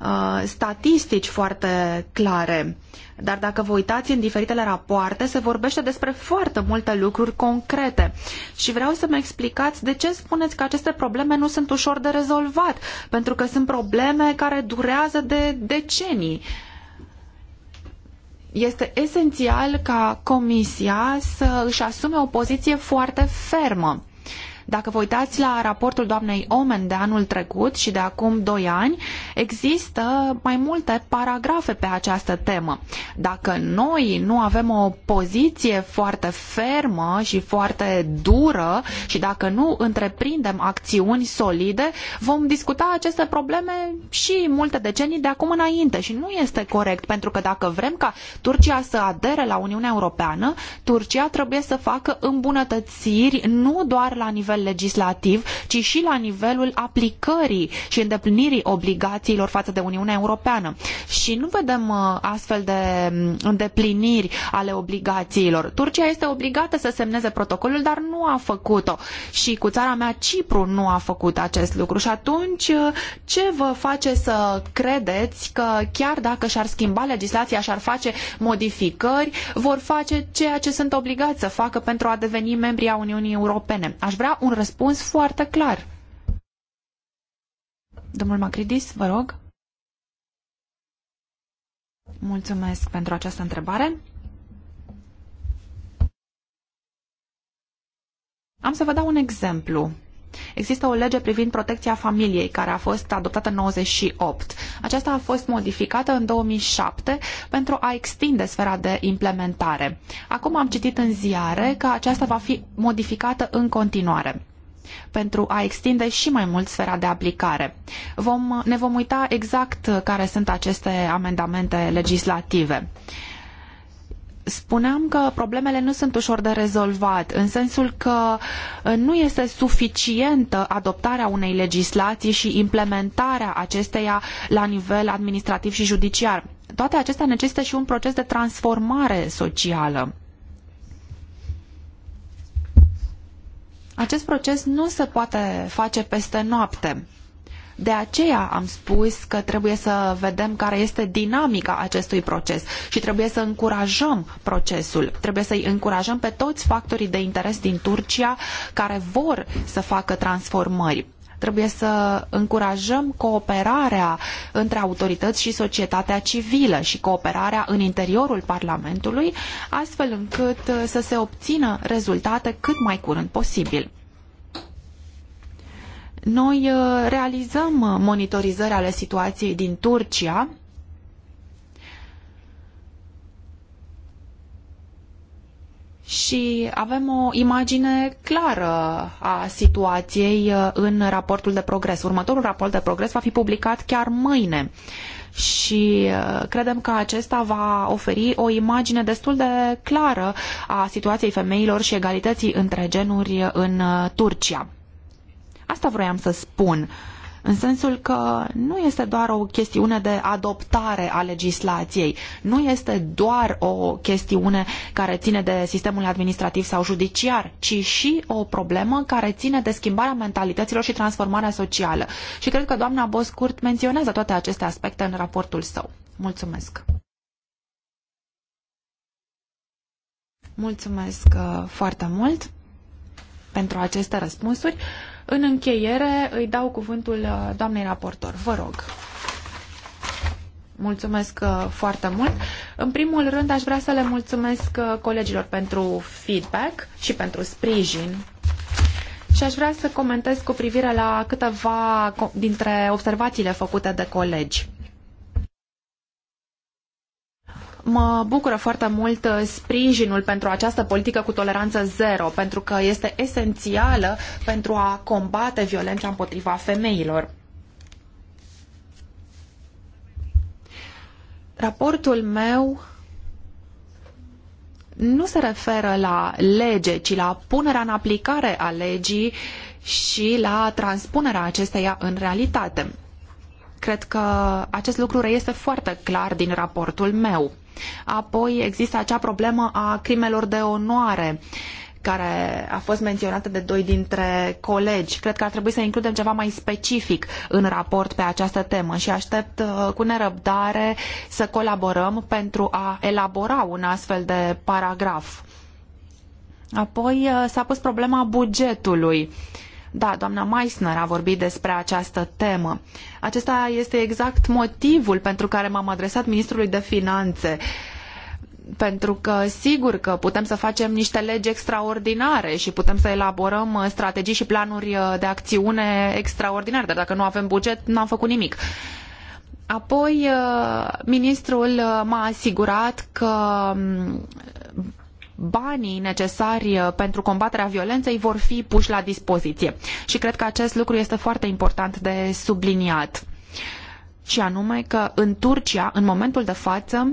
uh, statistici foarte clare. Dar dacă vă uitați în diferitele rapoarte, se vorbește despre foarte multe lucruri concrete. Și vreau să-mi explicați de ce spuneți că aceste probleme nu sunt ușor de rezolvat, pentru că sunt probleme care durează de decenii este esențial ca Comisia să își asume o poziție foarte fermă. Dacă vă uitați la raportul doamnei Omen de anul trecut și de acum doi ani, există mai multe paragrafe pe această temă. Dacă noi nu avem o poziție foarte fermă și foarte dură și dacă nu întreprindem acțiuni solide, vom discuta aceste probleme și multe decenii de acum înainte și nu este corect pentru că dacă vrem ca Turcia să adere la Uniunea Europeană, Turcia trebuie să facă îmbunătățiri nu doar la nivel legislativ, ci și la nivelul aplicării și îndeplinirii obligațiilor față de Uniunea Europeană. Și nu vedem uh, astfel de mm, îndepliniri ale obligațiilor. Turcia este obligată să semneze protocolul, dar nu a făcut-o. Și cu țara mea, Cipru, nu a făcut acest lucru. Și atunci, uh, ce vă face să credeți că chiar dacă și-ar schimba legislația și-ar face modificări, vor face ceea ce sunt obligați să facă pentru a deveni membri a Uniunii Europene? Aș vrea un un răspuns foarte clar. Domnul Macridis, vă rog. Mulțumesc pentru această întrebare. Am să vă dau un exemplu Există o lege privind protecția familiei care a fost adoptată în 98. Aceasta a fost modificată în 2007 pentru a extinde sfera de implementare. Acum am citit în ziare că aceasta va fi modificată în continuare pentru a extinde și mai mult sfera de aplicare. Vom, ne vom uita exact care sunt aceste amendamente legislative. Uh, Spuneam că problemele nu sunt ușor de rezolvat, în sensul că uh, nu este suficientă adoptarea unei legislații și implementarea acesteia la nivel administrativ și judiciar. Toate acestea necesită și un proces de transformare socială. Acest proces nu se poate face peste noapte. De aceea am spus că trebuie să vedem care este dinamica acestui proces și trebuie să încurajăm procesul. Trebuie să-i încurajăm pe toți factorii de interes din Turcia care vor să facă transformări trebuie să încurajăm cooperarea între autorități și societatea civilă și cooperarea în interiorul Parlamentului, astfel încât să se obțină rezultate cât mai curând posibil. Noi uh, realizăm uh, monitorizări ale situației din Turcia, și avem o imagine clară a situației uh, în raportul de progres. Următorul raport de progres va fi publicat chiar mâine și credem că acesta va oferi o imagine destul de clară a situației femeilor și egalității între genuri în Turcia. Asta vroiam să spun. În sensul că nu este doar o chestiune de adoptare a legislației, nu este doar o chestiune care ține de sistemul administrativ sau judiciar, ci și o problemă care ține de schimbarea mentalităților și transformarea socială. Și cred că doamna Boscurt menționează toate aceste aspecte în raportul său. Mulțumesc! Mulțumesc uh, foarte mult pentru aceste răspunsuri. În încheiere îi dau cuvântul uh, doamnei raportor. Vă rog. Mulțumesc uh, foarte mult. În primul rând aș vrea să le mulțumesc uh, colegilor pentru feedback și pentru sprijin și aș vrea să comentez cu privire la câteva dintre observațiile făcute de colegi. Mă bucură foarte mult uh, sprijinul pentru această politică cu toleranță zero, pentru că este esențială pentru a combate violența împotriva femeilor. Raportul meu nu se referă la lege, ci la punerea în aplicare a legii și la transpunerea acesteia în realitate. Cred că acest lucru reiese foarte clar din raportul meu. Apoi există acea problemă a crimelor de onoare care a fost menționată de doi dintre colegi. Cred că ar trebui să includem ceva mai specific în raport pe această temă și aștept uh, cu nerăbdare să colaborăm pentru a elabora un astfel de paragraf. Apoi uh, s-a pus problema bugetului. Uh, da, doamna Meissner a vorbit despre această temă. Acesta este exact motivul pentru care m-am adresat Ministrului de Finanțe pentru că sigur că putem să facem niște legi extraordinare și putem să elaborăm strategii și planuri de acțiune extraordinare, dar dacă nu avem buget, n-am făcut nimic. Apoi, uh, ministrul m-a asigurat că banii necesari uh, pentru combaterea violenței vor fi puși la dispoziție. Și cred că acest lucru este foarte important de subliniat. Și anume că în Turcia, în momentul de față,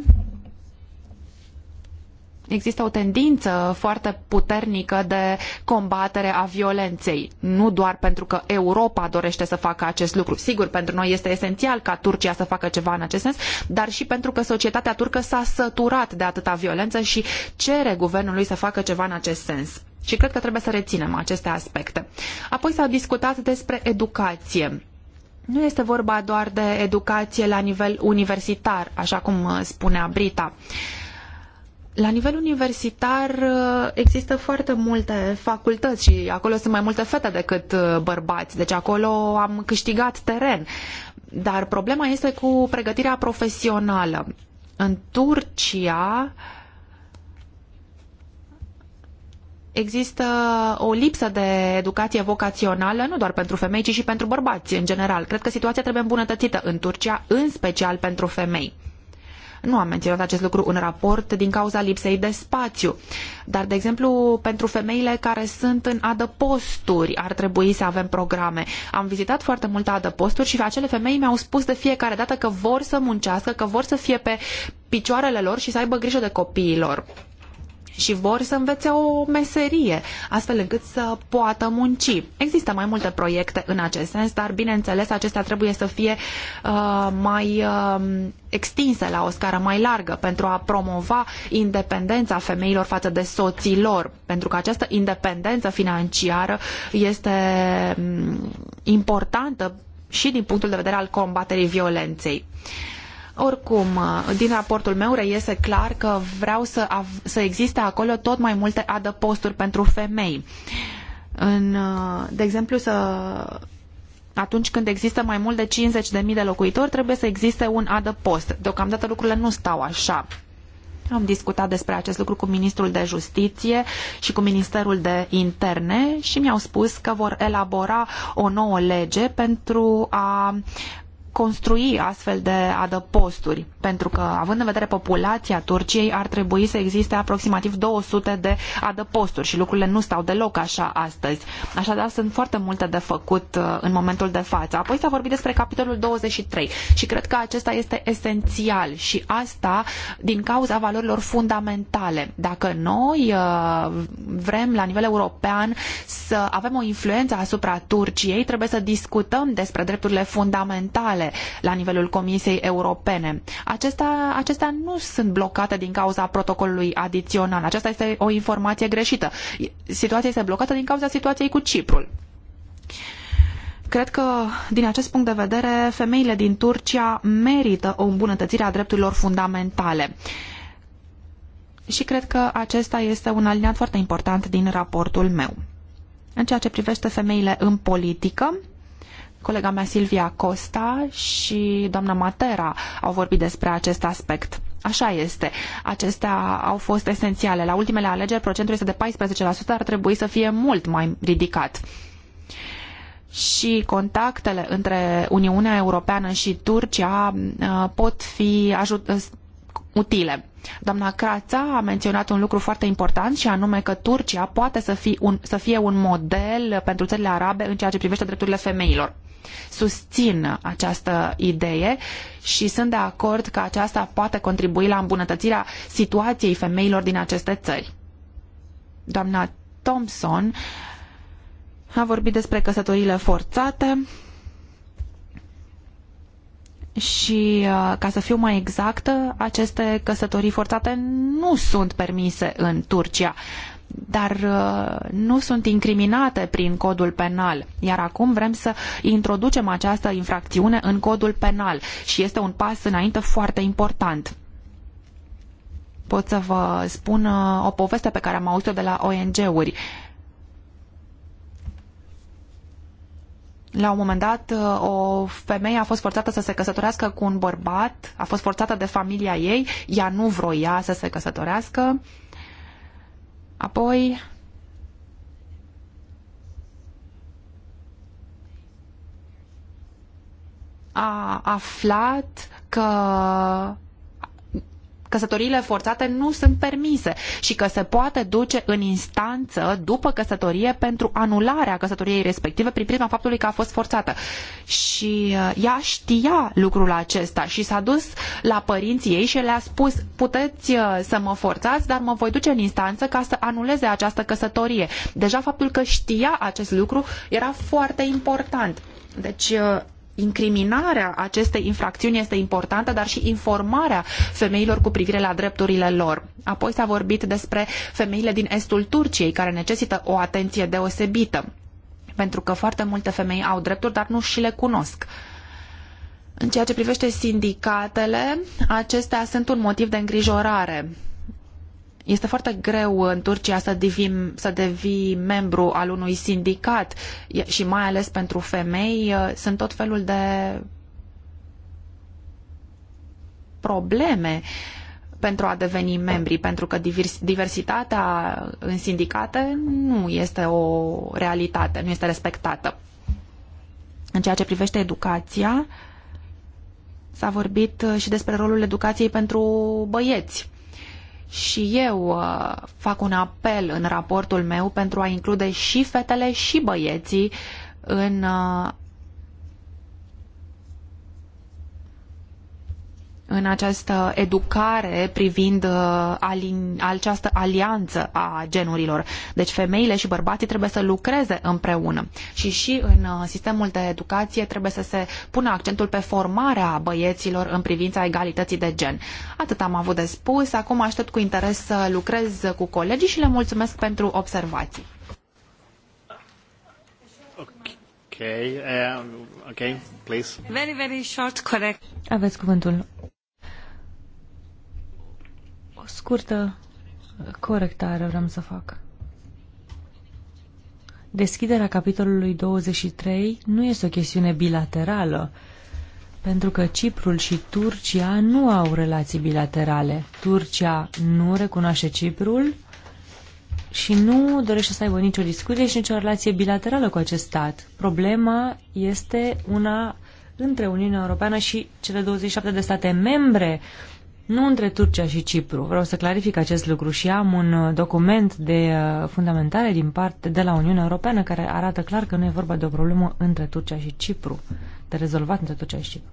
există o tendință foarte puternică de combatere a violenței. Nu doar pentru că Europa dorește să facă acest lucru. Sigur, pentru noi este esențial ca Turcia să facă ceva în acest sens, dar și pentru că societatea turcă s-a săturat de atâta violență și cere guvernului să facă ceva în acest sens. Și cred că trebuie să reținem aceste aspecte. Apoi s-a discutat despre educație. Nu este vorba doar de educație la nivel universitar, așa cum spunea Brita. Uh, la nivel universitar uh, există foarte multe facultăți și acolo sunt mai multe fete decât uh, bărbați, deci acolo am câștigat teren. Dar problema este cu pregătirea profesională. În Turcia există o lipsă de educație vocațională, nu doar pentru femei, ci și pentru bărbați în general. Cred că situația trebuie îmbunătățită în Turcia, în special pentru femei. Nu am menționat acest lucru în raport din cauza lipsei de spațiu. Dar, de exemplu, pentru femeile care sunt în adăposturi ar trebui să avem programe. Am vizitat foarte multe adăposturi și acele femei mi-au spus de fiecare dată că vor să muncească, că vor să fie pe picioarele lor și să aibă grijă de copiii lor și vor să învețe o meserie, astfel încât să poată munci. Există mai multe proiecte în acest sens, dar bineînțeles acestea trebuie să fie uh, mai uh, extinse la o scară mai largă pentru a promova independența femeilor față de soții lor, pentru că această independență financiară este mm, importantă și din punctul de vedere al combaterii violenței. Oricum, din raportul meu reiese clar că vreau să, să existe acolo tot mai multe adăposturi pentru femei. În, de exemplu, să atunci când există mai mult de 50.000 de locuitori, trebuie să existe un adăpost. Deocamdată lucrurile nu stau așa. Am discutat despre acest lucru cu Ministrul de Justiție și cu Ministerul de Interne și mi-au spus că vor elabora o nouă lege pentru a construi astfel de adăposturi, pentru că, având în vedere populația Turciei, ar trebui să existe aproximativ 200 de adăposturi și lucrurile nu stau deloc așa astăzi. Așadar, sunt foarte multe de făcut uh, în momentul de față. Apoi s-a vorbit despre capitolul 23 și cred că acesta este esențial și asta din cauza valorilor fundamentale. Dacă noi uh, vrem la nivel european să avem o influență asupra Turciei, trebuie să discutăm despre drepturile fundamentale la nivelul Comisiei Europene. Acestea, acestea nu sunt blocate din cauza protocolului adițional. Aceasta este o informație greșită. Situația este blocată din cauza situației cu Ciprul. Cred că, din acest punct de vedere, femeile din Turcia merită o îmbunătățire a drepturilor fundamentale. Și cred că acesta este un aliniat foarte important din raportul meu. În ceea ce privește femeile în politică, Colega mea Silvia Costa și doamna Matera au vorbit despre acest aspect. Așa este. Acestea au fost esențiale. La ultimele alegeri procentul este de 14%, ar trebui să fie mult mai ridicat și contactele între Uniunea Europeană și Turcia uh, pot fi uh, utile. Doamna Crața a menționat un lucru foarte important și anume că Turcia poate să fie un, să fie un model pentru țările arabe în ceea ce privește drepturile femeilor. Susțin această idee și sunt de acord că aceasta poate contribui la îmbunătățirea situației femeilor din aceste țări. Doamna Thompson a vorbit despre căsătoriile forțate și, uh, ca să fiu mai exactă, aceste căsătorii forțate nu sunt permise în Turcia dar uh, nu sunt incriminate prin codul penal. Iar acum vrem să introducem această infracțiune în codul penal și este un pas înainte foarte important. Pot să vă spun uh, o poveste pe care am auzit-o de la ONG-uri. La un moment dat, uh, o femeie a fost forțată să se căsătorească cu un bărbat, a fost forțată de familia ei, ea nu vroia să se căsătorească. Uh, Apoi, a aflat că căsătoriile forțate nu sunt permise și că se poate duce în instanță după căsătorie pentru anularea căsătoriei respective prin prisma faptului că a fost forțată. Și uh, ea știa lucrul acesta și s-a dus la părinții ei și le-a spus puteți uh, să mă forțați, dar mă voi duce în instanță ca să anuleze această căsătorie. Deja faptul că știa acest lucru era foarte important. Deci uh, incriminarea acestei infracțiuni este importantă, dar și informarea femeilor cu privire la drepturile lor. Apoi s-a vorbit despre femeile din estul Turciei, care necesită o atenție deosebită, pentru că foarte multe femei au drepturi, dar nu și le cunosc. În ceea ce privește sindicatele, acestea sunt un motiv de îngrijorare este foarte greu în Turcia să, să devii membru al unui sindicat și mai ales pentru femei sunt tot felul de probleme pentru a deveni membri, pentru că diversitatea în sindicate nu este o realitate, nu este respectată. În ceea ce privește educația, s-a vorbit și despre rolul educației pentru băieți și eu uh, fac un apel în raportul meu pentru a include și fetele și băieții în uh, în această educare privind uh, alin, această alianță a genurilor. Deci femeile și bărbații trebuie să lucreze împreună și și în uh, sistemul de educație trebuie să se pună accentul pe formarea băieților în privința egalității de gen. Atât am avut de spus, acum aștept cu interes să lucrez cu colegii și le mulțumesc pentru observații. Okay, uh, okay, please. Very, very short, correct. Aveți cuvântul scurtă corectare vreau să fac. Deschiderea capitolului 23 nu este o chestiune bilaterală, pentru că Ciprul și Turcia nu au relații bilaterale. Turcia nu recunoaște Ciprul și nu dorește să aibă nicio discuție și nicio relație bilaterală cu acest stat. Problema este una între Uniunea Europeană și cele 27 de state membre nu între Turcia și Cipru. Vreau să clarific acest lucru și am un uh, document de uh, fundamentare din parte de la Uniunea Europeană care arată clar că nu e vorba de o problemă între Turcia și Cipru, de rezolvat între Turcia și Cipru.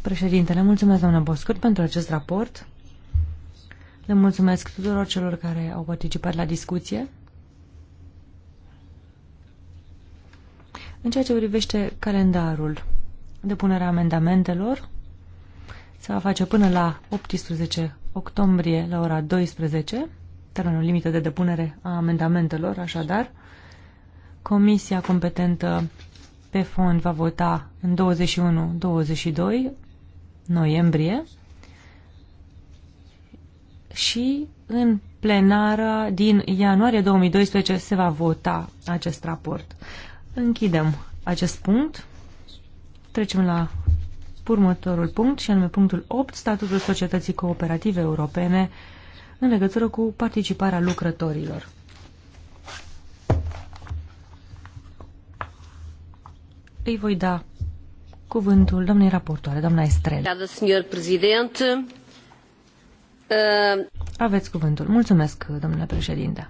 Președintele, mulțumesc doamnă Boscut, pentru acest raport. Le mulțumesc tuturor celor care au participat la discuție. În ceea ce privește calendarul, depunerea amendamentelor se va face până la 18 octombrie la ora 12, termenul limită de depunere a amendamentelor, așadar. Comisia competentă pe fond va vota în 21-22 noiembrie și în plenară din ianuarie 2012 se va vota acest raport. Închidem acest punct. Trecem la următorul punct, și anume punctul 8, statutul societății cooperative europene în legătură cu participarea lucrătorilor. Îi voi da cuvântul doamnei raportoare, doamna Estrela. Aveți cuvântul. Mulțumesc, domnule președinte.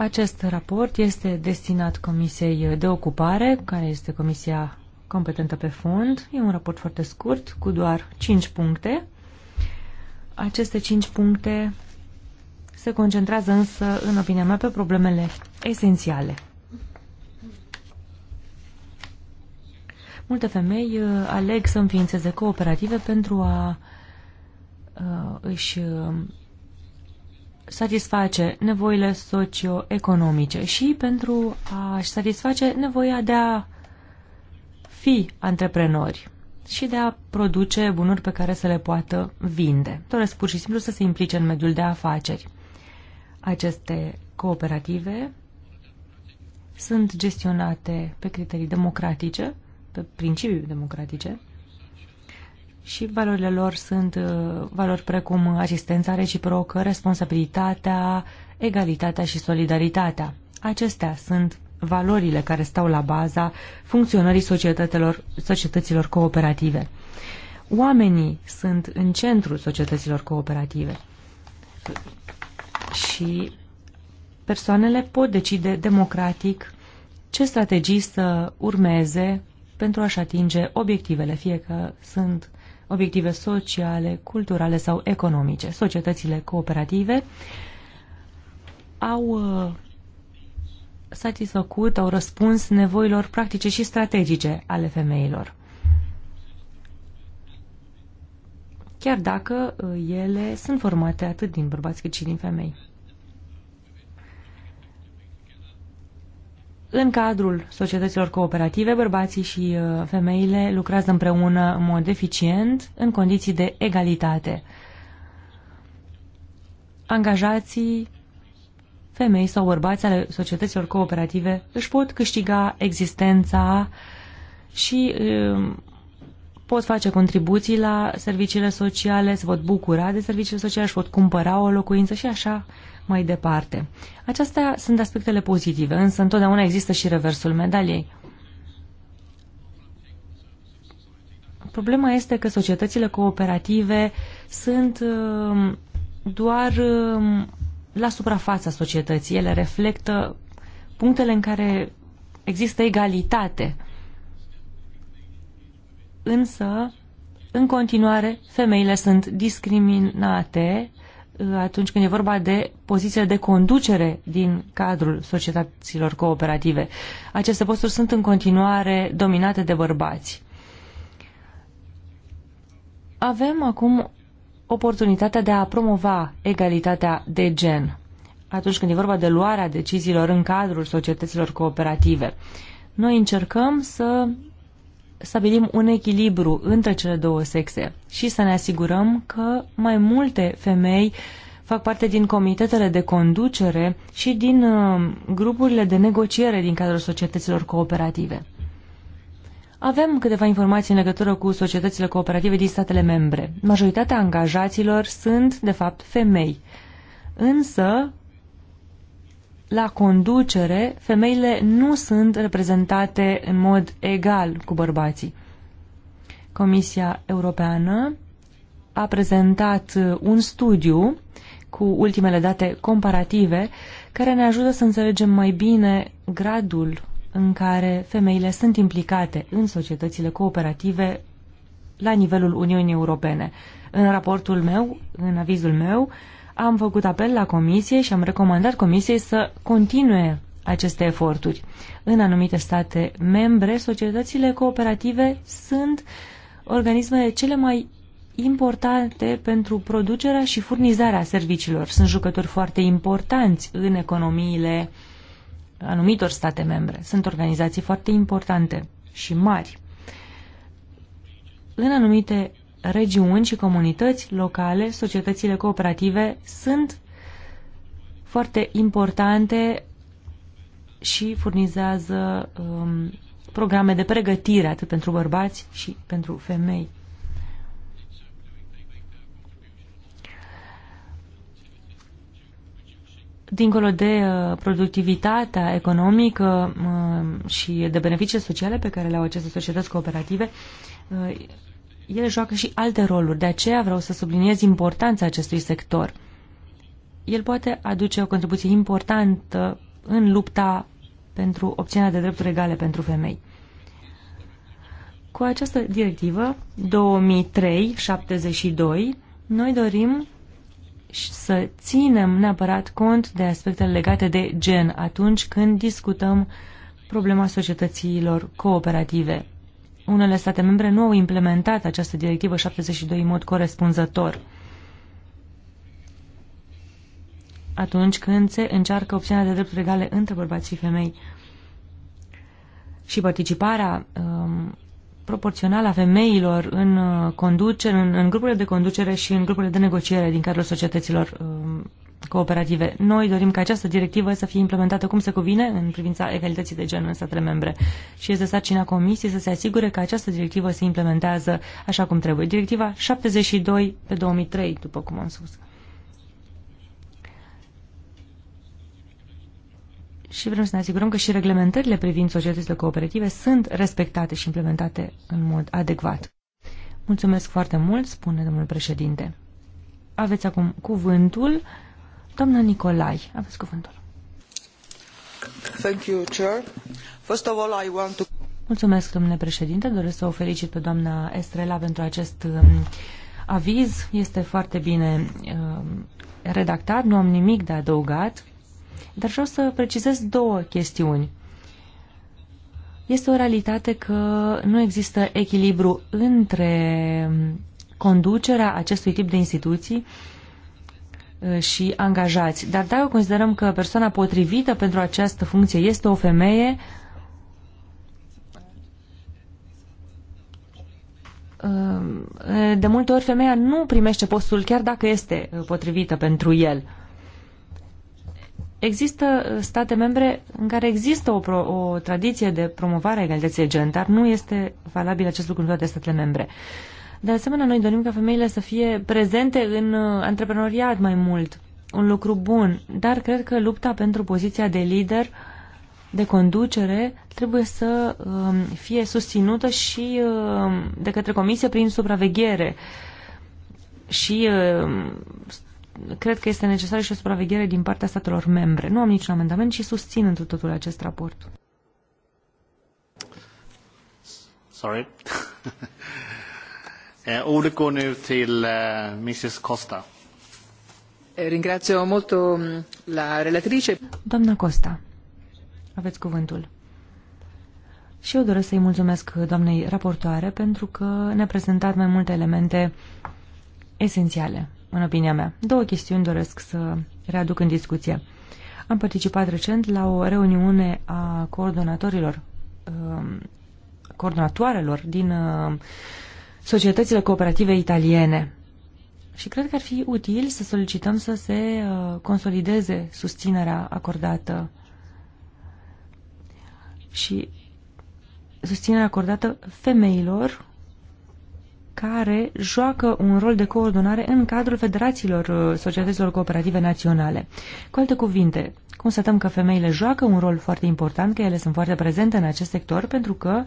Acest raport este destinat Comisiei de Ocupare, care este comisia competentă pe fond. E un raport foarte scurt, cu doar 5 puncte. Aceste 5 puncte se concentrează însă, în opinia mea, pe problemele esențiale. Multe femei uh, aleg să înființeze cooperative pentru a uh, își uh, satisface nevoile socioeconomice și pentru a-și satisface nevoia de a fi antreprenori și de a produce bunuri pe care să le poată vinde. Doresc pur și simplu să se implice în mediul de afaceri. Aceste cooperative sunt gestionate pe criterii democratice, pe principii democratice, și valorile lor sunt uh, valori precum asistența reciprocă, responsabilitatea, egalitatea și solidaritatea. Acestea sunt valorile care stau la baza funcționării societăților, societăților cooperative. Oamenii sunt în centrul societăților cooperative și persoanele pot decide democratic ce strategii să urmeze pentru a-și atinge obiectivele, fie că sunt obiective sociale, culturale sau economice. Societățile cooperative au uh, satisfăcut, au răspuns nevoilor practice și strategice ale femeilor. Chiar dacă uh, ele sunt formate atât din bărbați cât și din femei. În cadrul societăților cooperative, bărbații și uh, femeile lucrează împreună în mod eficient, în condiții de egalitate. Angajații, femei sau bărbați ale societăților cooperative își pot câștiga existența și um, pot face contribuții la serviciile sociale, se pot bucura de serviciile sociale, își pot cumpăra o locuință și așa mai departe. Acestea sunt aspectele pozitive, însă întotdeauna există și reversul medaliei. Problema este că societățile cooperative sunt um, doar um, la suprafața societății. Ele reflectă punctele în care există egalitate. Însă, în continuare, femeile sunt discriminate Uh, atunci când e vorba de pozițiile de conducere din cadrul societăților cooperative. Aceste posturi sunt în continuare dominate de bărbați. Avem acum oportunitatea de a promova egalitatea de gen atunci când e vorba de luarea deciziilor în cadrul societăților cooperative. Noi încercăm să stabilim un echilibru între cele două sexe și să ne asigurăm că mai multe femei fac parte din comitetele de conducere și din uh, grupurile de negociere din cadrul societăților cooperative. Avem câteva informații în legătură cu societățile cooperative din statele membre. Majoritatea angajaților sunt, de fapt, femei. Însă, la conducere, femeile nu sunt reprezentate în mod egal cu bărbații. Comisia Europeană a prezentat uh, un studiu cu ultimele date comparative care ne ajută să înțelegem mai bine gradul în care femeile sunt implicate în societățile cooperative la nivelul Uniunii Europene. În raportul meu, în avizul meu, uh, am făcut apel la comisie și am recomandat comisiei să continue aceste eforturi. În anumite state membre, societățile cooperative sunt organismele cele mai importante pentru producerea și furnizarea serviciilor. Sunt jucători foarte importanți în economiile anumitor state membre. Sunt organizații foarte importante și mari. În anumite regiuni și comunități locale, societățile cooperative sunt foarte importante și furnizează um, programe de pregătire atât pentru bărbați și pentru femei. Dincolo de uh, productivitatea economică um, și de beneficiile sociale pe care le au aceste societăți cooperative, uh, ele joacă și alte roluri, de aceea vreau să subliniez importanța acestui sector. El poate aduce o contribuție importantă în lupta pentru obținerea de drepturi egale pentru femei. Cu această directivă 2003-72, noi dorim să ținem neapărat cont de aspectele legate de gen atunci când discutăm problema societăților cooperative unele state membre nu au implementat această directivă 72 în mod corespunzător atunci când se încearcă opțiunea de drepturi egale între bărbați și femei și participarea um, proporțională a femeilor în, uh, conducere, în, în grupurile de conducere și în grupurile de negociere din cadrul societăților um, cooperative. Noi dorim ca această directivă să fie implementată cum se cuvine în privința egalității de gen în statele membre și este sarcina Comisiei să se asigure că această directivă se implementează așa cum trebuie. Directiva 72 pe 2003, după cum am spus. Și vrem să ne asigurăm că și reglementările privind societățile cooperative sunt respectate și implementate în mod adecvat. Mulțumesc foarte mult, spune domnul președinte. Aveți acum cuvântul Doamna Nicolai, aveți cuvântul. Thank you, Chair. First of all, I want to... Mulțumesc, domnule președinte. Doresc să o felicit pe doamna Estrela pentru acest um, aviz. Este foarte bine um, redactat, nu am nimic de adăugat, dar vreau să precizez două chestiuni. Este o realitate că nu există echilibru între um, conducerea acestui tip de instituții Uh, și angajați. Dar dacă considerăm că persoana potrivită pentru această funcție este o femeie, uh, de multe ori femeia nu primește postul chiar dacă este uh, potrivită pentru el. Există state membre în care există o, pro, o tradiție de promovare a egalității de gen, dar nu este valabil acest lucru în toate statele membre. Uh, de asemenea, noi dorim ca femeile să fie prezente în uh, antreprenoriat mai mult. Un lucru bun, dar cred că lupta pentru poziția de lider, de conducere, trebuie să um, fie susținută și um, de către comisie prin supraveghere. Și um, cred că este necesară și o supraveghere din partea statelor membre. Nu am niciun amendament și susțin într totul acest raport. Sorry. Eh, ordet går nu till eh, Mrs Costa. Eh, ringrazio molto mm, la relatrice. Doamna Costa, aveți cuvântul. Și eu doresc să-i mulțumesc doamnei raportoare pentru că ne-a prezentat mai multe elemente esențiale, în opinia mea. Două chestiuni doresc să readuc în discuție. Am participat recent la o reuniune a coordonatorilor, um, coordonatoarelor din uh, societățile cooperative italiene. Și cred că ar fi util să solicităm să se uh, consolideze susținerea acordată și susținerea acordată femeilor care joacă un rol de coordonare în cadrul federațiilor uh, societăților cooperative naționale. Cu alte cuvinte, constatăm că femeile joacă un rol foarte important, că ele sunt foarte prezente în acest sector, pentru că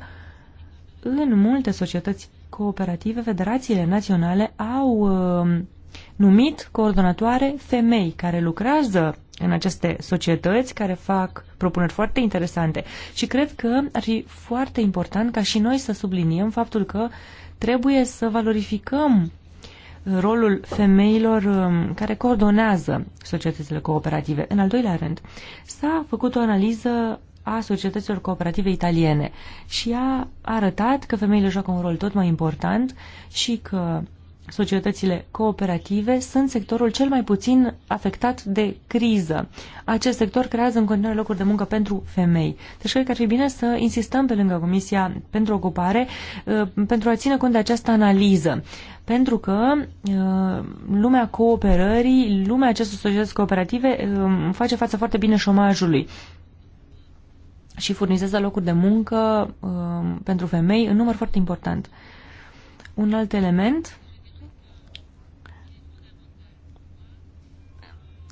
în multe societăți cooperative, federațiile naționale au um, numit coordonatoare femei care lucrează în aceste societăți, care fac propuneri foarte interesante. Și cred că ar fi foarte important ca și noi să subliniem faptul că trebuie să valorificăm rolul femeilor um, care coordonează societățile cooperative. În al doilea rând, s-a făcut o analiză a societăților cooperative italiene și a arătat că femeile joacă un rol tot mai important și că societățile cooperative sunt sectorul cel mai puțin afectat de criză. Acest sector creează în continuare locuri de muncă pentru femei. Deci cred că ar fi bine să insistăm pe lângă Comisia pentru Ocupare uh, pentru a ține cont de această analiză. Pentru că uh, lumea cooperării, lumea acestor societăți cooperative uh, face față foarte bine șomajului și furnizează locuri de muncă uh, pentru femei în număr foarte important. Un alt element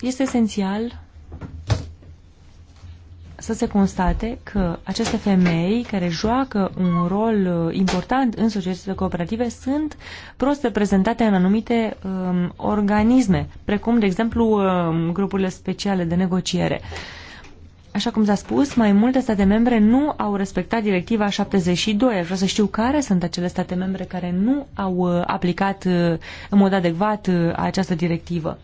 este esențial să se constate că aceste femei care joacă un rol uh, important în societățile cooperative sunt prost reprezentate în anumite um, organisme, precum, de exemplu, um, grupurile speciale de negociere. Uh, Așa cum s-a spus, mai multe state membre nu au respectat directiva 72. Aș vrea să știu care sunt acele state membre care nu au uh, aplicat uh, în mod adecvat uh, această directivă.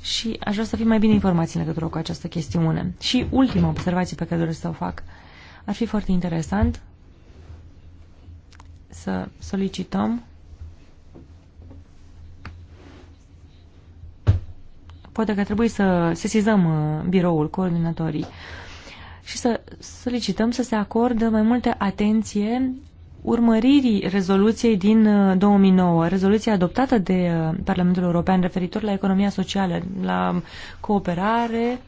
Și aș vrea să fim mai bine informați în legătură cu această chestiune. Și ultima observație pe care doresc să o fac. Ar fi foarte interesant să solicităm poate că trebuie să sesizăm uh, biroul, coordonatorii și să solicităm să se acordă mai multă atenție urmăririi rezoluției din 2009, uh, rezoluția adoptată de uh, Parlamentul European referitor la economia socială, la cooperare,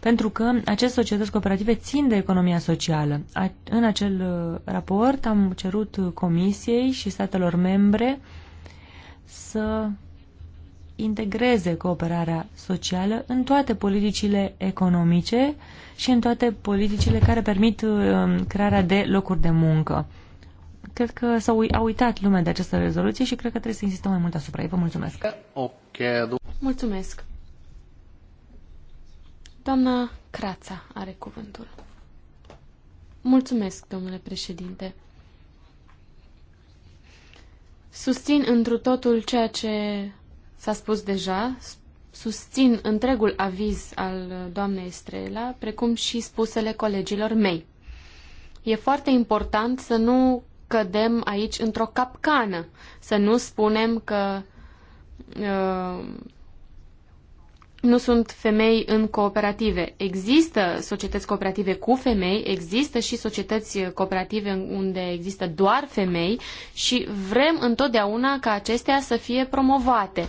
pentru că aceste societăți cooperative țin de economia socială. În acel raport am cerut Comisiei și statelor membre să integreze cooperarea socială în toate politicile economice și în toate politicile care permit uh, crearea de locuri de muncă. Cred că s-a uitat lumea de această rezoluție și cred că trebuie să insistăm mai mult asupra ei. Vă mulțumesc! Mulțumesc! Doamna Crața are cuvântul. Mulțumesc, domnule președinte. Susțin întru totul ceea ce S-a spus deja, susțin întregul aviz al doamnei Estrela, precum și spusele colegilor mei. E foarte important să nu cădem aici într-o capcană, să nu spunem că uh, nu sunt femei în cooperative. Există societăți cooperative cu femei, există și societăți cooperative unde există doar femei și vrem întotdeauna ca acestea să fie promovate.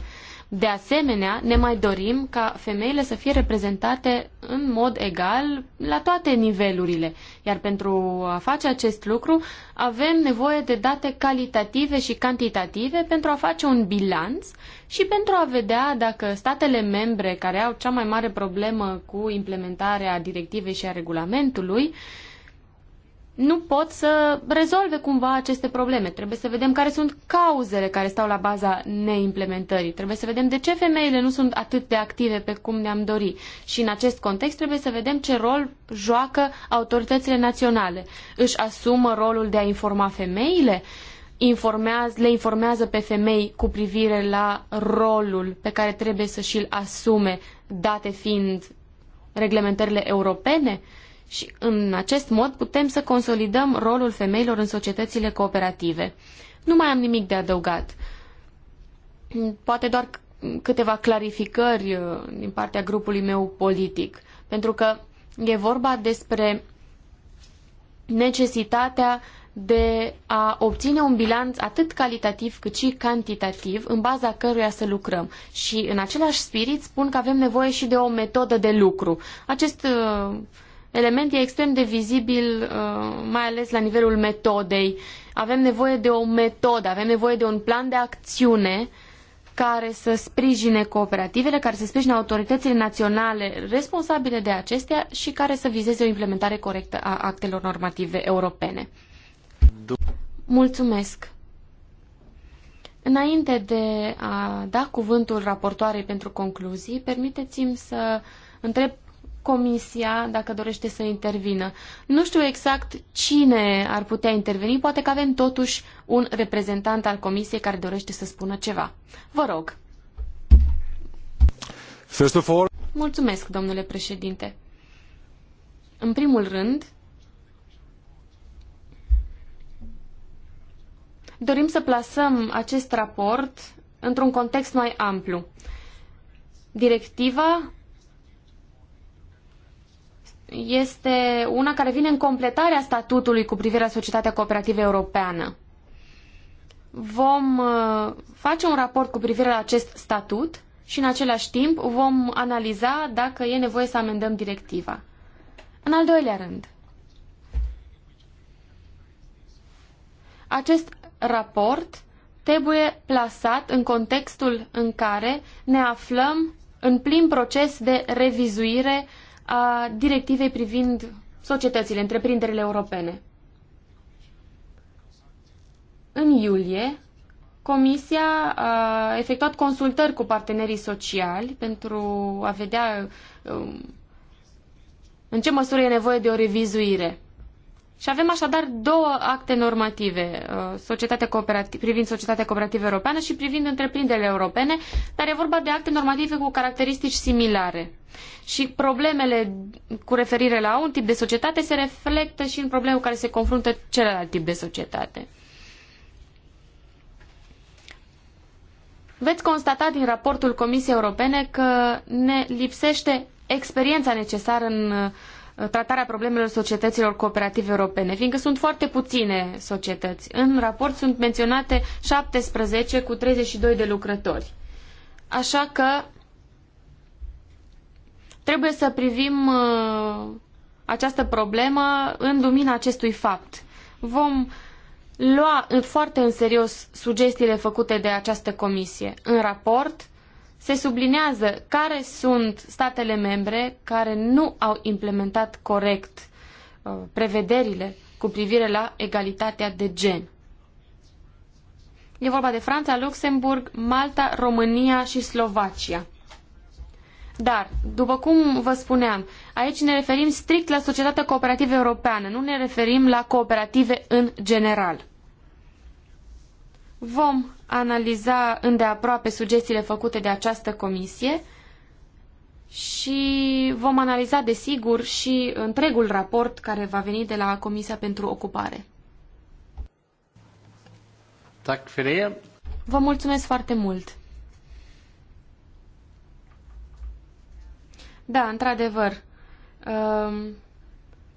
De asemenea, ne mai dorim ca femeile să fie reprezentate în mod egal la toate nivelurile. Iar pentru a face acest lucru, avem nevoie de date calitative și cantitative pentru a face un bilanț și pentru a vedea dacă statele membre care au cea mai mare problemă cu implementarea directivei și a regulamentului nu pot să rezolve cumva aceste probleme. Trebuie să vedem care sunt cauzele care stau la baza neimplementării. Trebuie să vedem de ce femeile nu sunt atât de active pe cum ne-am dori. Și în acest context trebuie să vedem ce rol joacă autoritățile naționale. Își asumă rolul de a informa femeile? Uh, informează, le informează pe femei cu privire la rolul pe care trebuie să și-l asume, date fiind reglementările europene? Și în acest mod putem să consolidăm rolul femeilor în societățile cooperative. Nu mai am nimic de adăugat. Poate doar câteva clarificări uh, din partea grupului meu politic. Pentru că e vorba despre necesitatea uh, de a obține un bilanț atât calitativ cât și cantitativ în baza căruia să lucrăm. Și în același spirit spun că avem nevoie și de o metodă de lucru. Acest uh, element e extrem de vizibil, uh, mai ales la nivelul metodei. Avem nevoie de o metodă, avem nevoie de un plan de acțiune care să sprijine cooperativele, care să sprijine autoritățile naționale responsabile de acestea și care să vizeze o implementare corectă a actelor normative europene. Mulțumesc. Înainte de a da cuvântul raportoarei pentru concluzii, permiteți-mi să întreb comisia dacă dorește să intervină. Nu știu exact cine ar putea interveni, poate că avem totuși un reprezentant al comisiei care dorește să spună ceva. Vă rog. First of all... Mulțumesc, domnule președinte. În primul rând, dorim să plasăm acest raport într-un context mai amplu. Directiva este una care vine în completarea statutului cu privire la societatea cooperativă europeană. Vom uh, face un raport cu privire la acest statut și în același timp vom analiza dacă e nevoie să amendăm directiva. În al doilea rând, acest raport trebuie plasat în contextul în care ne aflăm în plin proces de revizuire a directivei privind societățile, întreprinderile europene. În iulie, Comisia a efectuat consultări cu partenerii sociali pentru a vedea um, în ce măsură e nevoie de o revizuire. Și avem așadar două acte normative uh, societatea privind societatea cooperativă europeană și privind întreprinderile europene, dar e vorba de acte normative cu caracteristici similare. Și problemele cu referire la un tip de societate se reflectă și în problemele cu care se confruntă celălalt tip de societate. Veți constata din raportul Comisiei Europene că ne lipsește experiența necesară în uh, tratarea problemelor societăților cooperative europene, fiindcă sunt foarte puține societăți. În raport sunt menționate 17 cu 32 de lucrători. Așa că trebuie să privim uh, această problemă în lumina acestui fapt. Vom lua foarte în serios sugestiile făcute de această comisie. În raport se sublinează care sunt statele membre care nu au implementat corect uh, prevederile cu privire la egalitatea de gen. E vorba de Franța, Luxemburg, Malta, România și Slovacia. Dar, după cum vă spuneam, aici ne referim strict la societatea cooperativă europeană, nu ne referim la cooperative în general. Vom analiza îndeaproape sugestiile făcute de această comisie și vom analiza, desigur, și întregul raport care va veni de la Comisia pentru Ocupare. Vă mulțumesc foarte mult! Da, într-adevăr, um,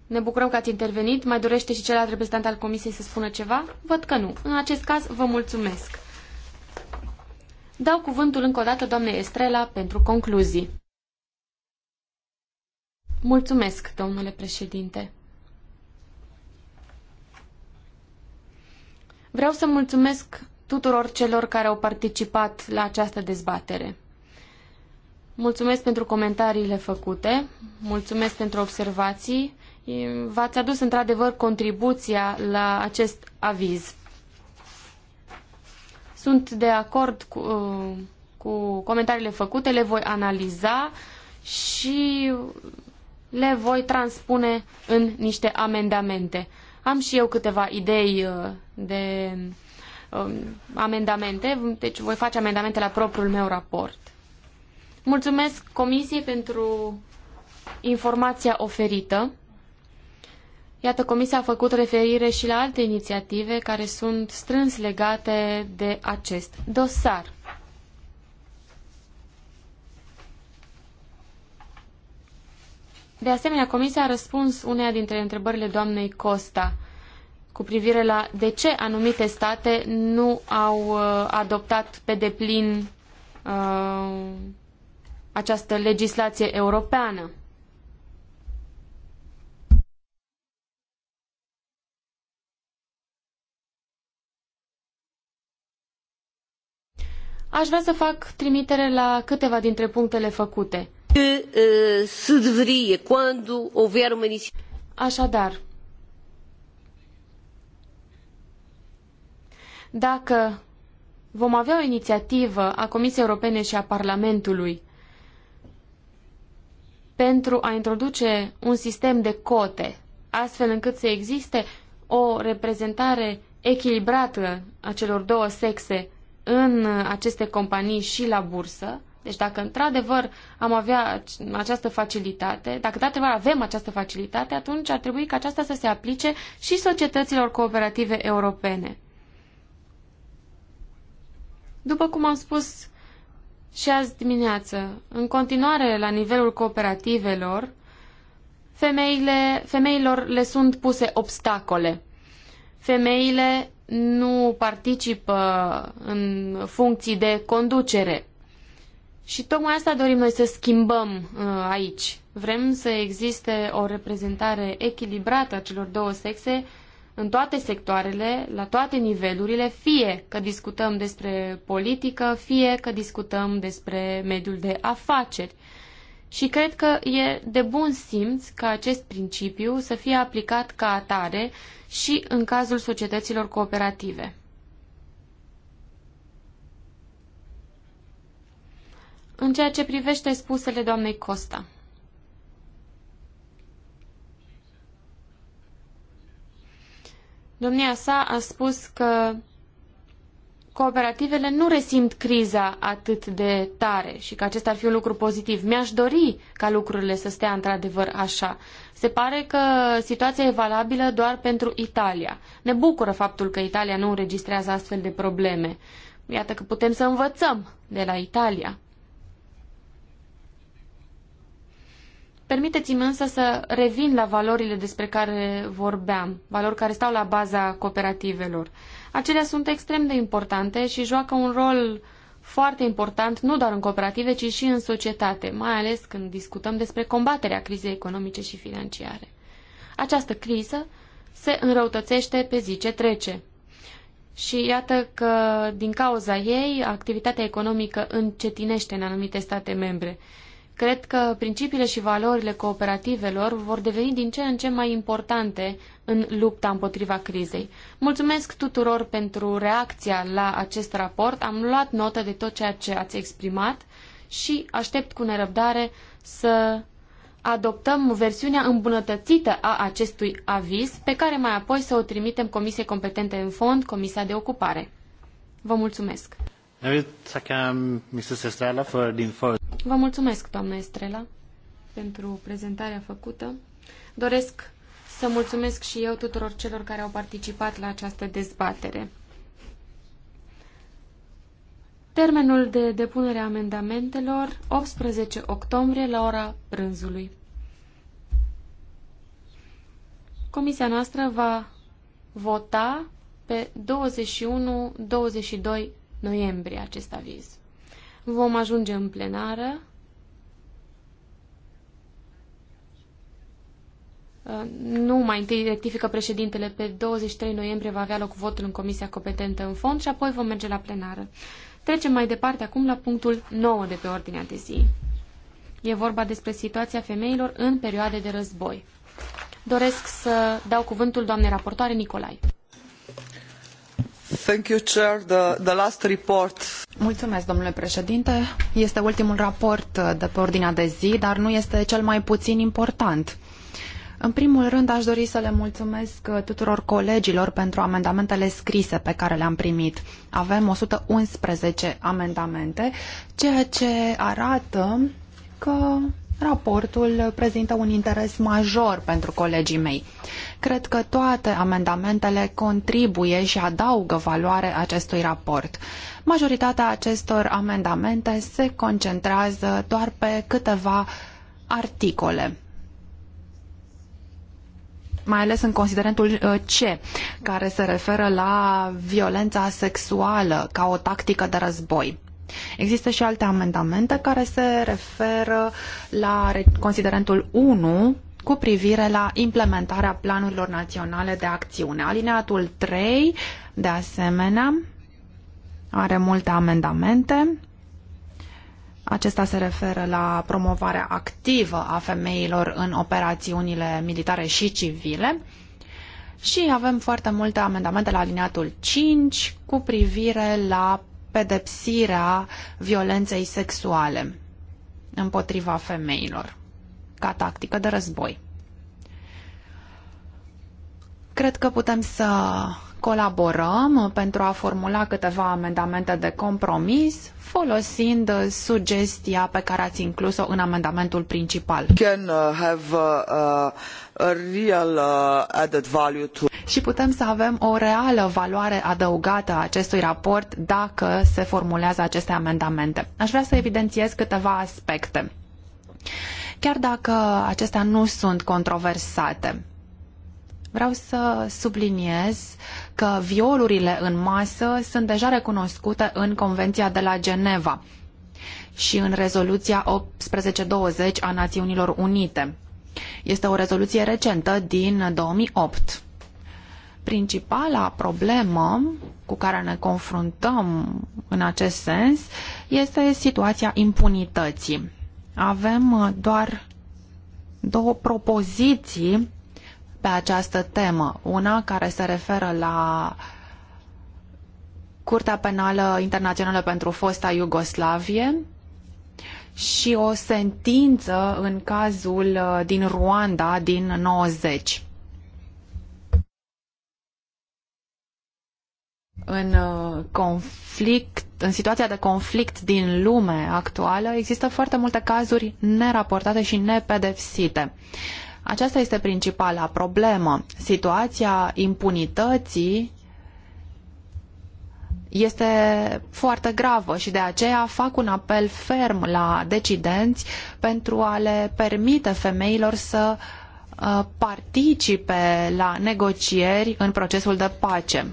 ne bucurăm că ați intervenit. Mai dorește și celălalt reprezentant al Comisiei să spună ceva? Văd că nu. În acest caz, vă mulțumesc! Dau cuvântul încă o dată doamnei Estrela pentru concluzii. Mulțumesc, domnule președinte. Vreau să mulțumesc tuturor celor care au participat la această dezbatere. Mulțumesc pentru comentariile făcute, mulțumesc pentru observații. V-ați adus într-adevăr contribuția la acest aviz. Sunt de acord cu, uh, cu comentariile făcute, le voi analiza și le voi transpune în niște amendamente. Am și eu câteva idei uh, de um, amendamente, deci voi face amendamente la propriul meu raport. Mulțumesc Comisiei pentru informația oferită. Iată, Comisia a făcut referire și la alte inițiative care sunt strâns legate de acest dosar. De asemenea, Comisia a răspuns uneia dintre întrebările doamnei Costa cu privire la de ce anumite state nu au uh, adoptat pe deplin uh, această legislație europeană. Aș vrea să fac trimitere la câteva dintre punctele făcute. Ă, se deveria quando houver uma Așadar, dacă vom avea o inițiativă a Comisiei Europene și a Parlamentului pentru a introduce un sistem de cote, astfel încât să existe o reprezentare echilibrată a celor două sexe în aceste companii și la bursă. Deci dacă într-adevăr am avea această facilitate, dacă într-adevăr avem această facilitate, atunci ar trebui ca aceasta să se aplice și societăților cooperative europene. După cum am spus și azi dimineață, în continuare la nivelul cooperativelor, femeile, femeilor le sunt puse obstacole femeile nu participă în funcții de conducere. Și tocmai asta dorim noi să schimbăm uh, aici. Vrem să existe o reprezentare echilibrată a celor două sexe în toate sectoarele, la toate nivelurile, fie că discutăm despre politică, fie că discutăm despre mediul de afaceri. Și cred că e de bun simț ca acest principiu să fie aplicat ca atare și în cazul societăților cooperative. În ceea ce privește spusele doamnei Costa. Domnia sa a spus că cooperativele nu resimt criza atât de tare și că acesta ar fi un lucru pozitiv. Mi-aș dori ca lucrurile să stea într-adevăr așa. Se pare că situația e valabilă doar pentru Italia. Ne bucură faptul că Italia nu înregistrează astfel de probleme. Iată că putem să învățăm de la Italia. Permiteți-mi însă să revin la valorile despre care vorbeam, valori care stau la baza cooperativelor. Uh, Acelea sunt extrem de importante și joacă un rol foarte important nu doar în cooperative, ci și în societate, mai ales când discutăm despre combaterea crizei economice și financiare. Această criză se înrăutățește pe zi ce trece. Și iată că, din cauza ei, activitatea economică încetinește în anumite state membre. Cred că principiile și valorile cooperativelor vor deveni din ce în ce mai importante în lupta împotriva crizei. Mulțumesc tuturor pentru reacția la acest raport. Am luat notă de tot ceea ce ați exprimat și aștept cu nerăbdare să adoptăm versiunea îmbunătățită a acestui aviz, pe care mai apoi să o trimitem Comisiei Competente în Fond, Comisia de Ocupare. Vă mulțumesc! Vă mulțumesc, doamna Estrela, pentru prezentarea făcută. Doresc să mulțumesc și eu tuturor celor care au participat la această dezbatere. Termenul de depunere a amendamentelor, 18 octombrie, la ora prânzului. Comisia noastră va vota pe 21-22 noiembrie acest aviz vom ajunge în plenară. Uh, nu, mai întâi rectifică președintele, pe 23 noiembrie va avea loc votul în comisia competentă în fond și apoi vom merge la plenară. Trecem mai departe acum la punctul 9 de pe ordinea de zi. E vorba despre situația femeilor în perioade de război. Doresc să dau cuvântul doamnei raportoare Nicolai. Mulțumesc, domnule președinte. Este ultimul raport uh, de pe ordinea de zi, dar nu este cel mai puțin important. În primul rând, aș dori să le mulțumesc uh, tuturor colegilor pentru amendamentele scrise pe care le-am primit. Avem 111 amendamente, ceea ce arată că raportul prezintă un interes major pentru colegii mei. Cred că toate amendamentele contribuie și adaugă valoare acestui raport. Majoritatea acestor amendamente se concentrează doar pe câteva articole mai ales în considerentul uh, C, care se referă la violența sexuală ca o tactică de război. Există și alte amendamente care se referă la considerentul 1 cu privire la implementarea planurilor naționale de acțiune. Alineatul 3, de asemenea, are multe amendamente. Acesta se referă la promovarea activă a femeilor în operațiunile militare și civile. Și avem foarte multe amendamente la alineatul 5 cu privire la pedepsirea violenței sexuale împotriva femeilor ca tactică de război. Cred că putem să Colaborăm pentru a formula câteva amendamente de compromis folosind sugestia pe care ați inclus-o în amendamentul principal. Can uh, have uh, uh, a real added value to... Și putem să avem o reală valoare adăugată a acestui raport dacă se formulează aceste amendamente. Aș vrea să evidențiez câteva aspecte. Chiar dacă acestea nu sunt controversate, vreau să subliniez că violurile în masă sunt deja recunoscute în Convenția de la Geneva și în rezoluția 1820 a Națiunilor Unite. Este o rezoluție recentă din 2008. Principala problemă cu care ne confruntăm în acest sens este situația impunității. Avem doar două propoziții pe această temă. Una care se referă la Curtea Penală Internațională pentru fosta Iugoslavie și o sentință în cazul uh, din Ruanda din 90. În uh, conflict, în situația de conflict din lume actuală, există foarte multe cazuri neraportate și nepedepsite. Aceasta este principala problemă. Situația impunității este foarte gravă și de aceea fac un apel ferm la decidenți pentru a le permite femeilor să uh, participe la negocieri în procesul de pace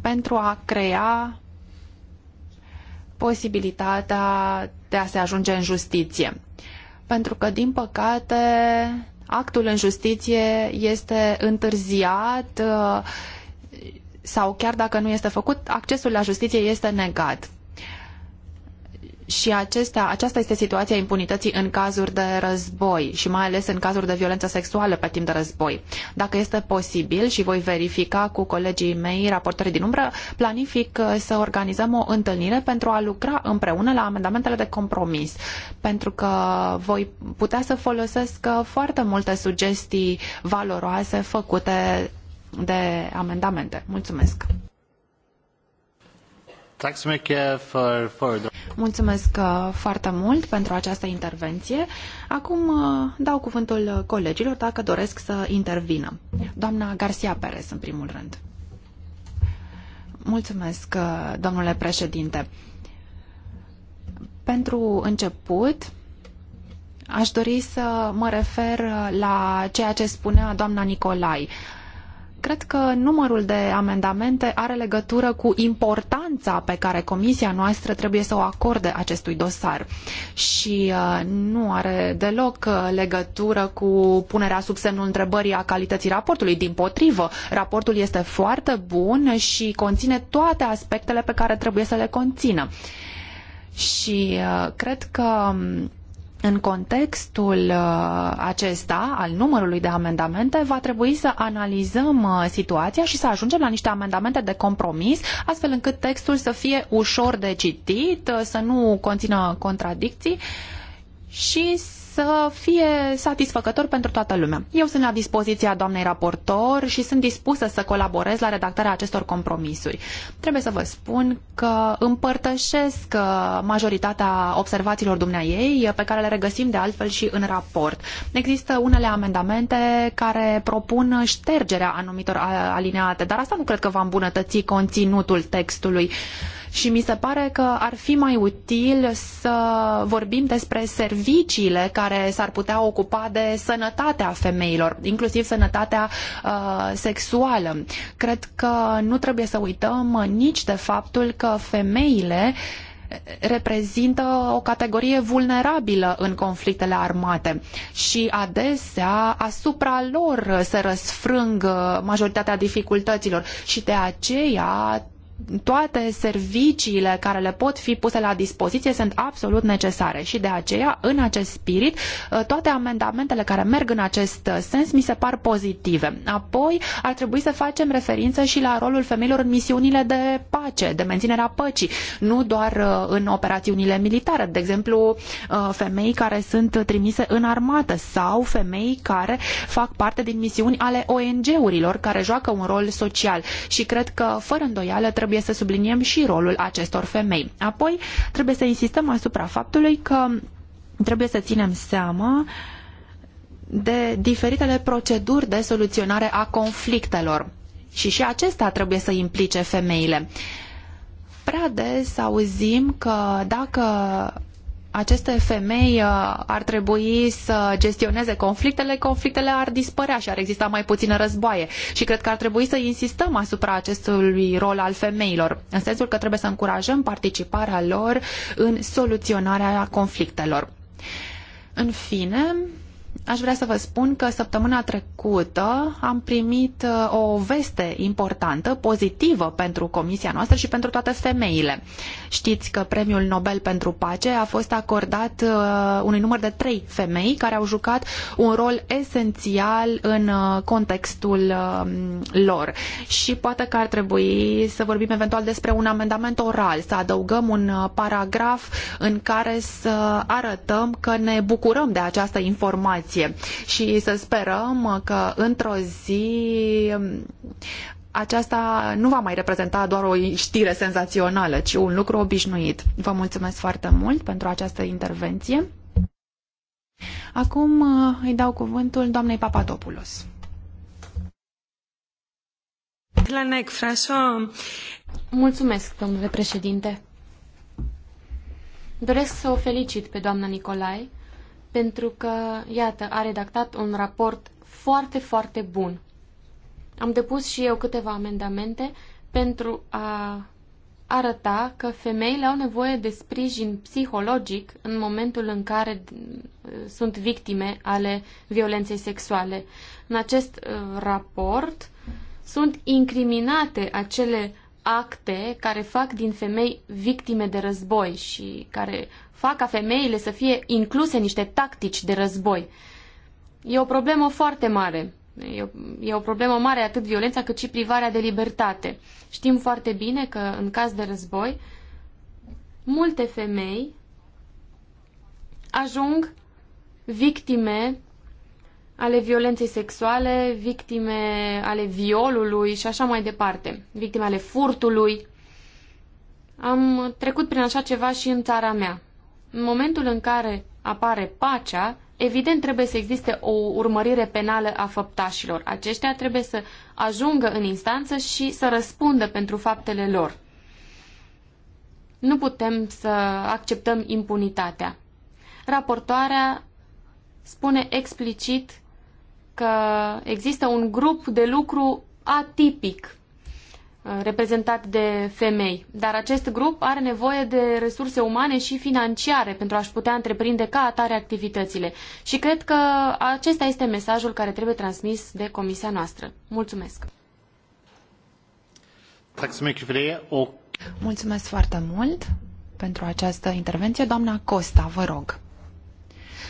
pentru a crea posibilitatea de a se ajunge în justiție pentru că, din păcate, actul în justiție este întârziat uh, sau chiar dacă nu este făcut, accesul la justiție este negat. Și acesta, aceasta este situația impunității în cazuri de război și mai ales în cazuri de violență sexuală pe timp de război. Dacă este posibil și voi verifica cu colegii mei raportorii din umbră, planific uh, să organizăm o întâlnire pentru a lucra împreună la amendamentele de compromis, pentru că voi putea să folosesc uh, foarte multe sugestii valoroase făcute de amendamente. Mulțumesc! Mulțumesc uh, foarte mult pentru această intervenție. Acum uh, dau cuvântul colegilor dacă doresc să intervină. Doamna Garcia Perez, în primul rând. Mulțumesc, uh, domnule președinte. Pentru început, aș dori să mă refer la ceea ce spunea doamna Nicolai. Cred că numărul de amendamente are legătură cu importanța pe care comisia noastră trebuie să o acorde acestui dosar și uh, nu are deloc uh, legătură cu punerea sub semnul întrebării a calității raportului. Din potrivă, raportul este foarte bun și conține toate aspectele pe care trebuie să le conțină. Și uh, cred că um, în contextul uh, acesta, al numărului de amendamente, va trebui să analizăm uh, situația și să ajungem la niște amendamente de compromis, astfel încât textul să fie ușor de citit, uh, să nu conțină contradicții și să fie satisfăcător pentru toată lumea. Eu sunt la dispoziția doamnei raportor și sunt dispusă să colaborez la redactarea acestor compromisuri. Trebuie să vă spun că împărtășesc uh, majoritatea observațiilor dumneaei uh, pe care le regăsim de altfel și în raport. Există unele amendamente care propun ștergerea anumitor alineate, dar asta nu cred că va îmbunătăți conținutul textului și mi se pare că ar fi mai util să vorbim despre serviciile care s-ar putea ocupa de sănătatea femeilor, inclusiv sănătatea uh, sexuală. Cred că nu trebuie să uităm nici de faptul că femeile uh, reprezintă o categorie vulnerabilă în conflictele armate și adesea asupra lor se răsfrâng uh, majoritatea dificultăților și de aceea toate serviciile care le pot fi puse la dispoziție sunt absolut necesare și de aceea, în acest spirit, ă, toate amendamentele care merg în acest sens mi se par pozitive. Apoi, ar trebui să facem referință și la rolul femeilor în misiunile de pace, de menținerea păcii, nu doar ă, în operațiunile militare, de exemplu, ă, femei care sunt trimise în armată sau femei care fac parte din misiuni ale ONG-urilor care joacă un rol social și cred că, fără îndoială, trebuie să subliniem și rolul acestor femei. Apoi, trebuie să insistăm asupra faptului că trebuie să ținem seama de diferitele proceduri de soluționare a conflictelor. Și și acestea trebuie să implice femeile. Prea des auzim că dacă aceste femei uh, ar trebui să gestioneze conflictele, conflictele ar dispărea și ar exista mai puține războaie. Și cred că ar trebui să insistăm asupra acestui rol al femeilor, în sensul că trebuie să încurajăm participarea lor în soluționarea conflictelor. În fine, aș vrea să vă spun că săptămâna trecută am primit uh, o veste importantă, pozitivă pentru comisia noastră și pentru toate femeile. Știți că premiul Nobel pentru pace a fost acordat uh, unui număr de trei femei care au jucat un rol esențial în uh, contextul lor. Și poate că ar trebui să vorbim eventual despre un amendament oral, să adăugăm un paragraf în care să arătăm că ne bucurăm de această informație poziție și să sperăm că într-o zi aceasta nu va mai reprezenta doar o știre senzațională, ci un lucru obișnuit. Vă mulțumesc foarte mult pentru această intervenție. Acum uh, îi dau cuvântul doamnei Papadopoulos. Mulțumesc, domnule președinte. Doresc să o felicit pe doamna Nicolae pentru că, iată, a redactat un raport foarte, foarte bun. Am depus și eu câteva amendamente pentru a arăta că femeile au nevoie de sprijin psihologic în momentul în care uh, sunt victime ale violenței sexuale. În acest uh, raport sunt incriminate acele acte care fac din femei victime de război și care fac ca femeile să fie incluse niște tactici de război. E o problemă foarte mare. E o, e o problemă mare atât violența cât și privarea de libertate. Știm foarte bine că în caz de război, multe femei ajung victime ale violenței sexuale, victime ale violului și așa mai departe, victime ale furtului. Am trecut prin așa ceva și în țara mea. În momentul în care apare pacea, evident trebuie să existe o urmărire penală a făptașilor. Aceștia trebuie să ajungă în instanță și să răspundă pentru faptele lor. Nu putem să acceptăm impunitatea. Raportoarea spune explicit că există un grup de lucru atipic Uh, reprezentat de femei. Dar acest grup are nevoie de resurse umane și financiare pentru a-și putea întreprinde ca atare activitățile. Și cred că acesta este mesajul care trebuie transmis de comisia noastră. Mulțumesc! Mulțumesc foarte mult pentru această intervenție. Doamna Costa, vă rog.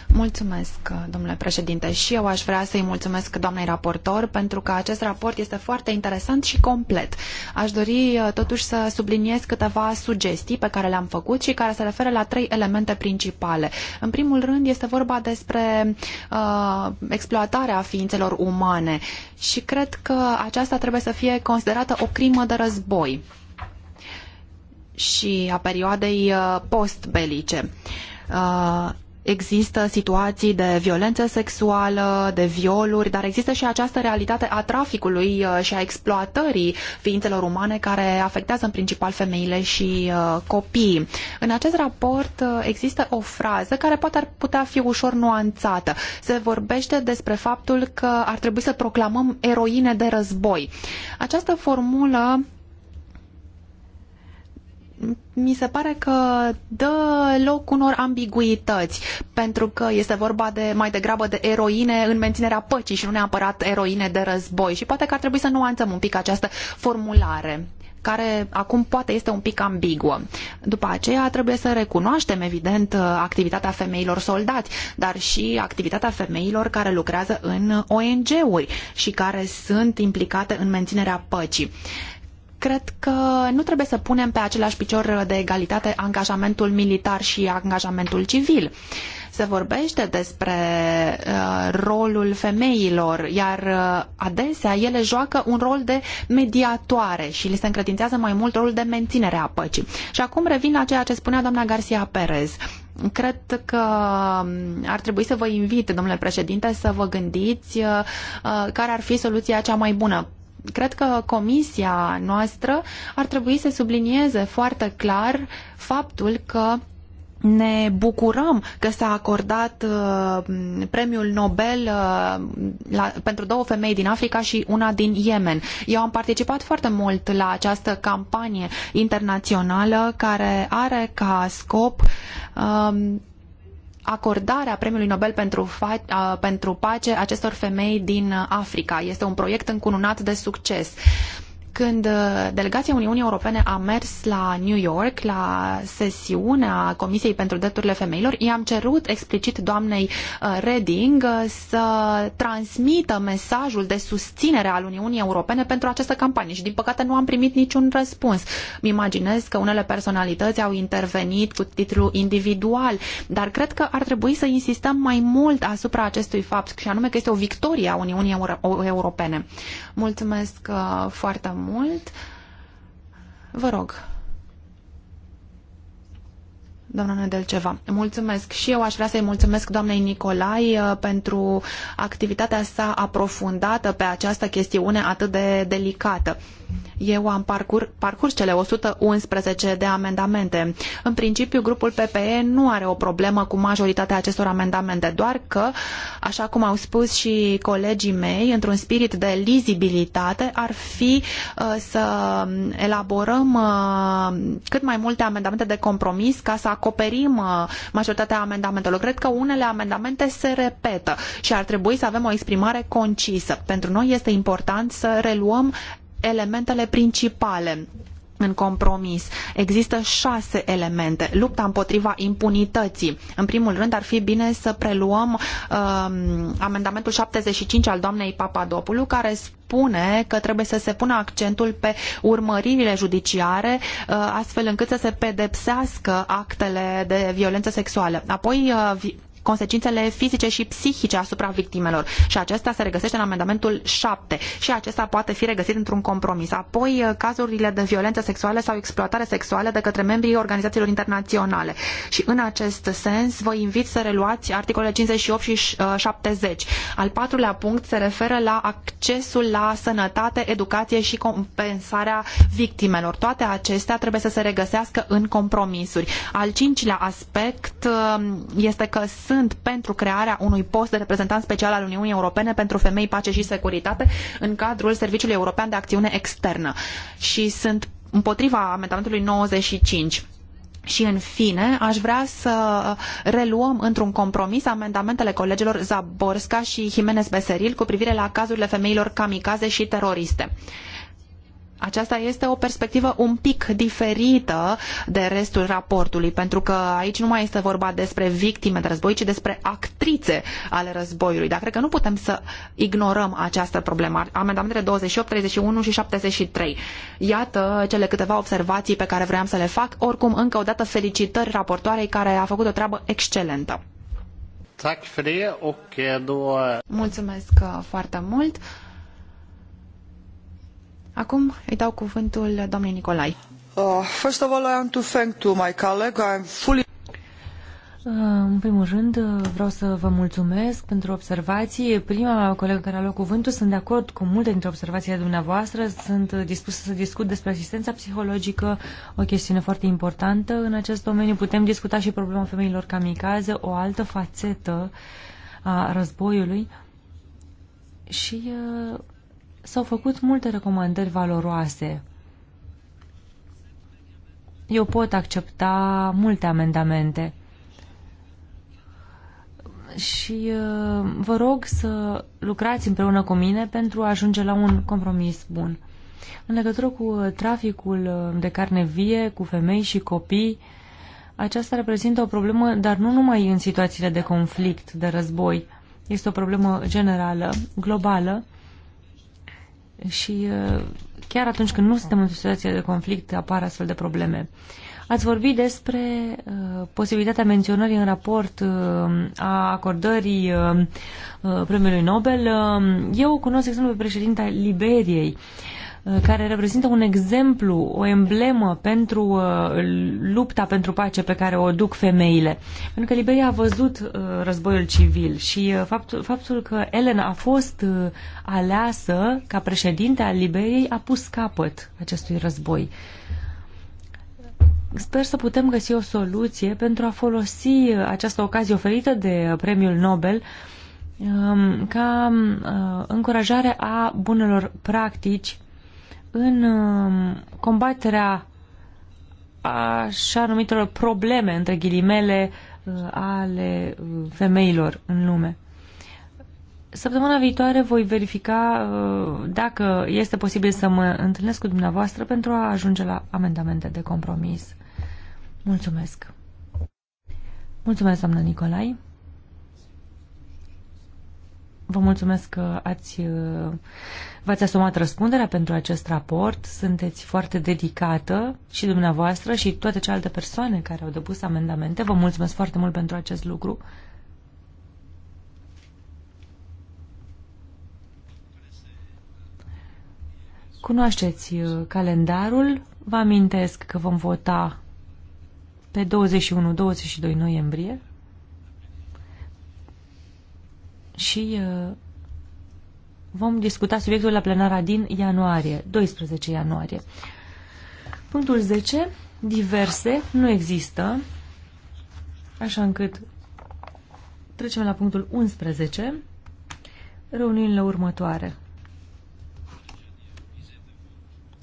Mulțumesc, domnule președinte, și eu aș vrea să-i mulțumesc doamnei raportor pentru că acest raport este foarte interesant și complet. Aș dori uh, totuși să subliniez câteva sugestii pe care le-am făcut și care se referă la trei elemente principale. În primul rând este vorba despre uh, exploatarea ființelor umane și cred că aceasta trebuie să fie considerată o crimă de război și a perioadei uh, postbelice. Uh, Există situații de violență sexuală, de violuri, dar există și această realitate a traficului uh, și a exploatării ființelor umane care afectează în principal femeile și uh, copiii. În acest raport uh, există o frază care poate ar putea fi ușor nuanțată. Se vorbește despre faptul că ar trebui să proclamăm eroine de război. Această formulă mi se pare că dă loc unor ambiguități, pentru că este vorba de mai degrabă de eroine în menținerea păcii și nu neapărat eroine de război. Și poate că ar trebui să nuanțăm un pic această formulare care acum poate este un pic ambiguă. După aceea trebuie să recunoaștem, evident, activitatea femeilor soldați, dar și activitatea femeilor care lucrează în ONG-uri și care sunt implicate în menținerea păcii. Cred că nu trebuie să punem pe același picior de egalitate angajamentul militar și angajamentul civil. Se vorbește despre uh, rolul femeilor, iar uh, adesea ele joacă un rol de mediatoare și li se încredințează mai mult rolul de menținere a păcii. Și acum revin la ceea ce spunea doamna Garcia Perez. Cred că um, ar trebui să vă invit, domnule președinte, să vă gândiți uh, uh, care ar fi soluția cea mai bună cred că comisia noastră ar trebui să sublinieze foarte clar faptul că ne bucurăm că s-a acordat uh, premiul Nobel uh, la, pentru două femei din Africa și una din Yemen. Eu am participat foarte mult la această campanie internațională care are ca scop uh, acordarea Premiului Nobel pentru, fa- pentru pace acestor femei din Africa. Este un proiect încununat de succes. Când uh, delegația Uniunii Europene a mers la New York, la sesiunea Comisiei pentru Drepturile Femeilor, i-am cerut explicit doamnei uh, Reding uh, să transmită mesajul de susținere al Uniunii Europene pentru această campanie și din păcate nu am primit niciun răspuns. Mi imaginez că unele personalități au intervenit cu titlu individual, dar cred că ar trebui să insistăm mai mult asupra acestui fapt și anume că este o victorie a Uniunii Europene. Mulțumesc foarte mult! mult. Vă rog, Doamna Nedelceva, mulțumesc și eu aș vrea să-i mulțumesc doamnei Nicolai uh, pentru activitatea sa aprofundată pe această chestiune atât de delicată. Eu am parcurs, parcurs cele 111 de amendamente. În principiu, grupul PPE nu are o problemă cu majoritatea acestor amendamente, doar că, așa cum au spus și colegii mei, într-un spirit de lizibilitate, ar fi uh, să elaborăm uh, cât mai multe amendamente de compromis ca să acoperim uh, majoritatea amendamentelor. Cred că unele amendamente se repetă și ar trebui să avem o exprimare concisă. Pentru noi este important să reluăm elementele principale în compromis. Există șase elemente. Lupta împotriva impunității. În primul rând ar fi bine să preluăm um, amendamentul 75 al doamnei Papadopoulou care spune că trebuie să se pună accentul pe urmăririle judiciare uh, astfel încât să se pedepsească actele de violență sexuală. Apoi uh, consecințele fizice și psihice asupra victimelor. Și acesta se regăsește în amendamentul 7 și acesta poate fi regăsit într-un compromis. Apoi, uh, cazurile de violență sexuală sau exploatare sexuală de către membrii organizațiilor internaționale. Și în acest sens, vă invit să reluați articolele 58 și 70. Uh, Al patrulea punct se referă la accesul la sănătate, educație și compensarea victimelor. Toate acestea trebuie să se regăsească în compromisuri. Al cincilea aspect uh, este că sunt pentru crearea unui post de reprezentant special al Uniunii Europene pentru femei, pace și securitate în cadrul Serviciului European de Acțiune Externă și sunt împotriva amendamentului 95. Și în fine, aș vrea să reluăm într-un compromis amendamentele colegilor Zaborska și Jimenez Beseril cu privire la cazurile femeilor kamikaze și teroriste. Uh, aceasta este o perspectivă un pic diferită de restul raportului, pentru că aici nu mai este vorba despre victime de război, ci despre actrițe ale războiului. Dar cred că nu putem să ignorăm această problemă. Amendamentele 28, 31 și 73. Iată cele câteva observații pe care vreau să le fac. Oricum, încă o dată felicitări raportoarei care a făcut o treabă excelentă. Eh, Mulțumesc eh, foarte mult. Acum îi dau cuvântul doamnei Nicolai. Uh, first of all, I want to thank to my colleague. I'm fully uh, în primul rând, uh, vreau să vă mulțumesc pentru observații. Prima mea colegă care a luat cuvântul, sunt de acord cu multe dintre observațiile dumneavoastră. Sunt uh, dispusă să discut despre asistența psihologică, o chestiune foarte importantă în acest domeniu. Putem discuta și problema femeilor kamikaze, o altă fațetă a războiului. Și uh, s-au făcut multe recomandări valoroase. Eu pot accepta multe amendamente și uh, vă rog să lucrați împreună cu mine pentru a ajunge la un compromis bun. În legătură cu uh, traficul uh, de carne vie, cu femei și copii, aceasta reprezintă o problemă, dar nu numai în situațiile de conflict, de război. Este o problemă generală, globală, și uh, chiar atunci când nu suntem în situație de conflict apar astfel de probleme. Ați vorbit despre uh, posibilitatea menționării în raport uh, a acordării uh, uh premiului Nobel. Uh, eu cunosc exemplu pe președinta Liberiei. Uh, Uh, care reprezintă un exemplu, o emblemă pentru uh, lupta pentru pace pe care o duc femeile. Pentru că Liberia a văzut uh, războiul civil și faptul, faptul că Ellen a fost aleasă ca președinte al Liberiei a pus capăt acestui război sper să putem găsi o soluție pentru a folosi această ocazie oferită de premiul Nobel um, ca încurajare a bunelor practici în um, combaterea așa numitelor probleme, între ghilimele, uh, ale uh, femeilor în lume. Săptămâna viitoare voi verifica uh, dacă este posibil să mă întâlnesc cu dumneavoastră pentru a ajunge la amendamente de compromis. Mulțumesc! Mulțumesc, doamnă Nicolai! Vă mulțumesc că ați, uh, v-ați asumat răspunderea pentru acest raport. Sunteți foarte dedicată și dumneavoastră și toate celelalte persoane care au depus amendamente. Vă mulțumesc foarte mult pentru acest lucru. Cunoașteți uh, calendarul. Vă amintesc că vom vota pe 21-22 noiembrie și uh, vom discuta subiectul la plenara din ianuarie, 12 ianuarie. Punctul 10, diverse, nu există, așa încât trecem la punctul 11, reuniunile următoare.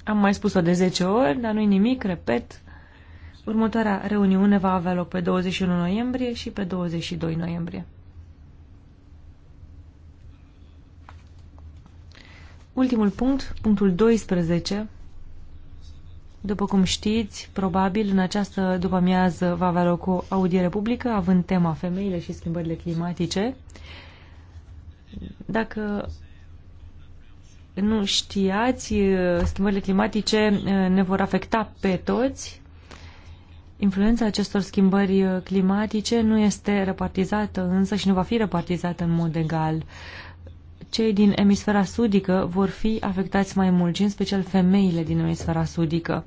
Am mai spus-o de 10 ori, dar nu-i nimic, repet. Următoarea reuniune va avea loc pe 21 noiembrie și pe 22 noiembrie. Ultimul punct, punctul 12. După cum știți, probabil în această după-amiază va avea loc o audiere publică, având tema femeile și schimbările climatice. Dacă nu știați, schimbările climatice eh, ne vor afecta pe toți. Influența acestor schimbări eh, climatice nu este repartizată însă și nu va fi repartizată în mod egal cei din emisfera sudică vor fi afectați mai mult și în special femeile din emisfera sudică.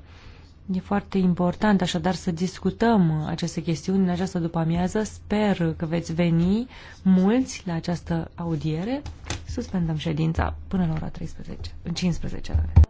E foarte important așadar să discutăm aceste chestiuni în această după-amiază. Sper că veți veni mulți la această audiere. Suspendăm ședința până la ora 13, 15.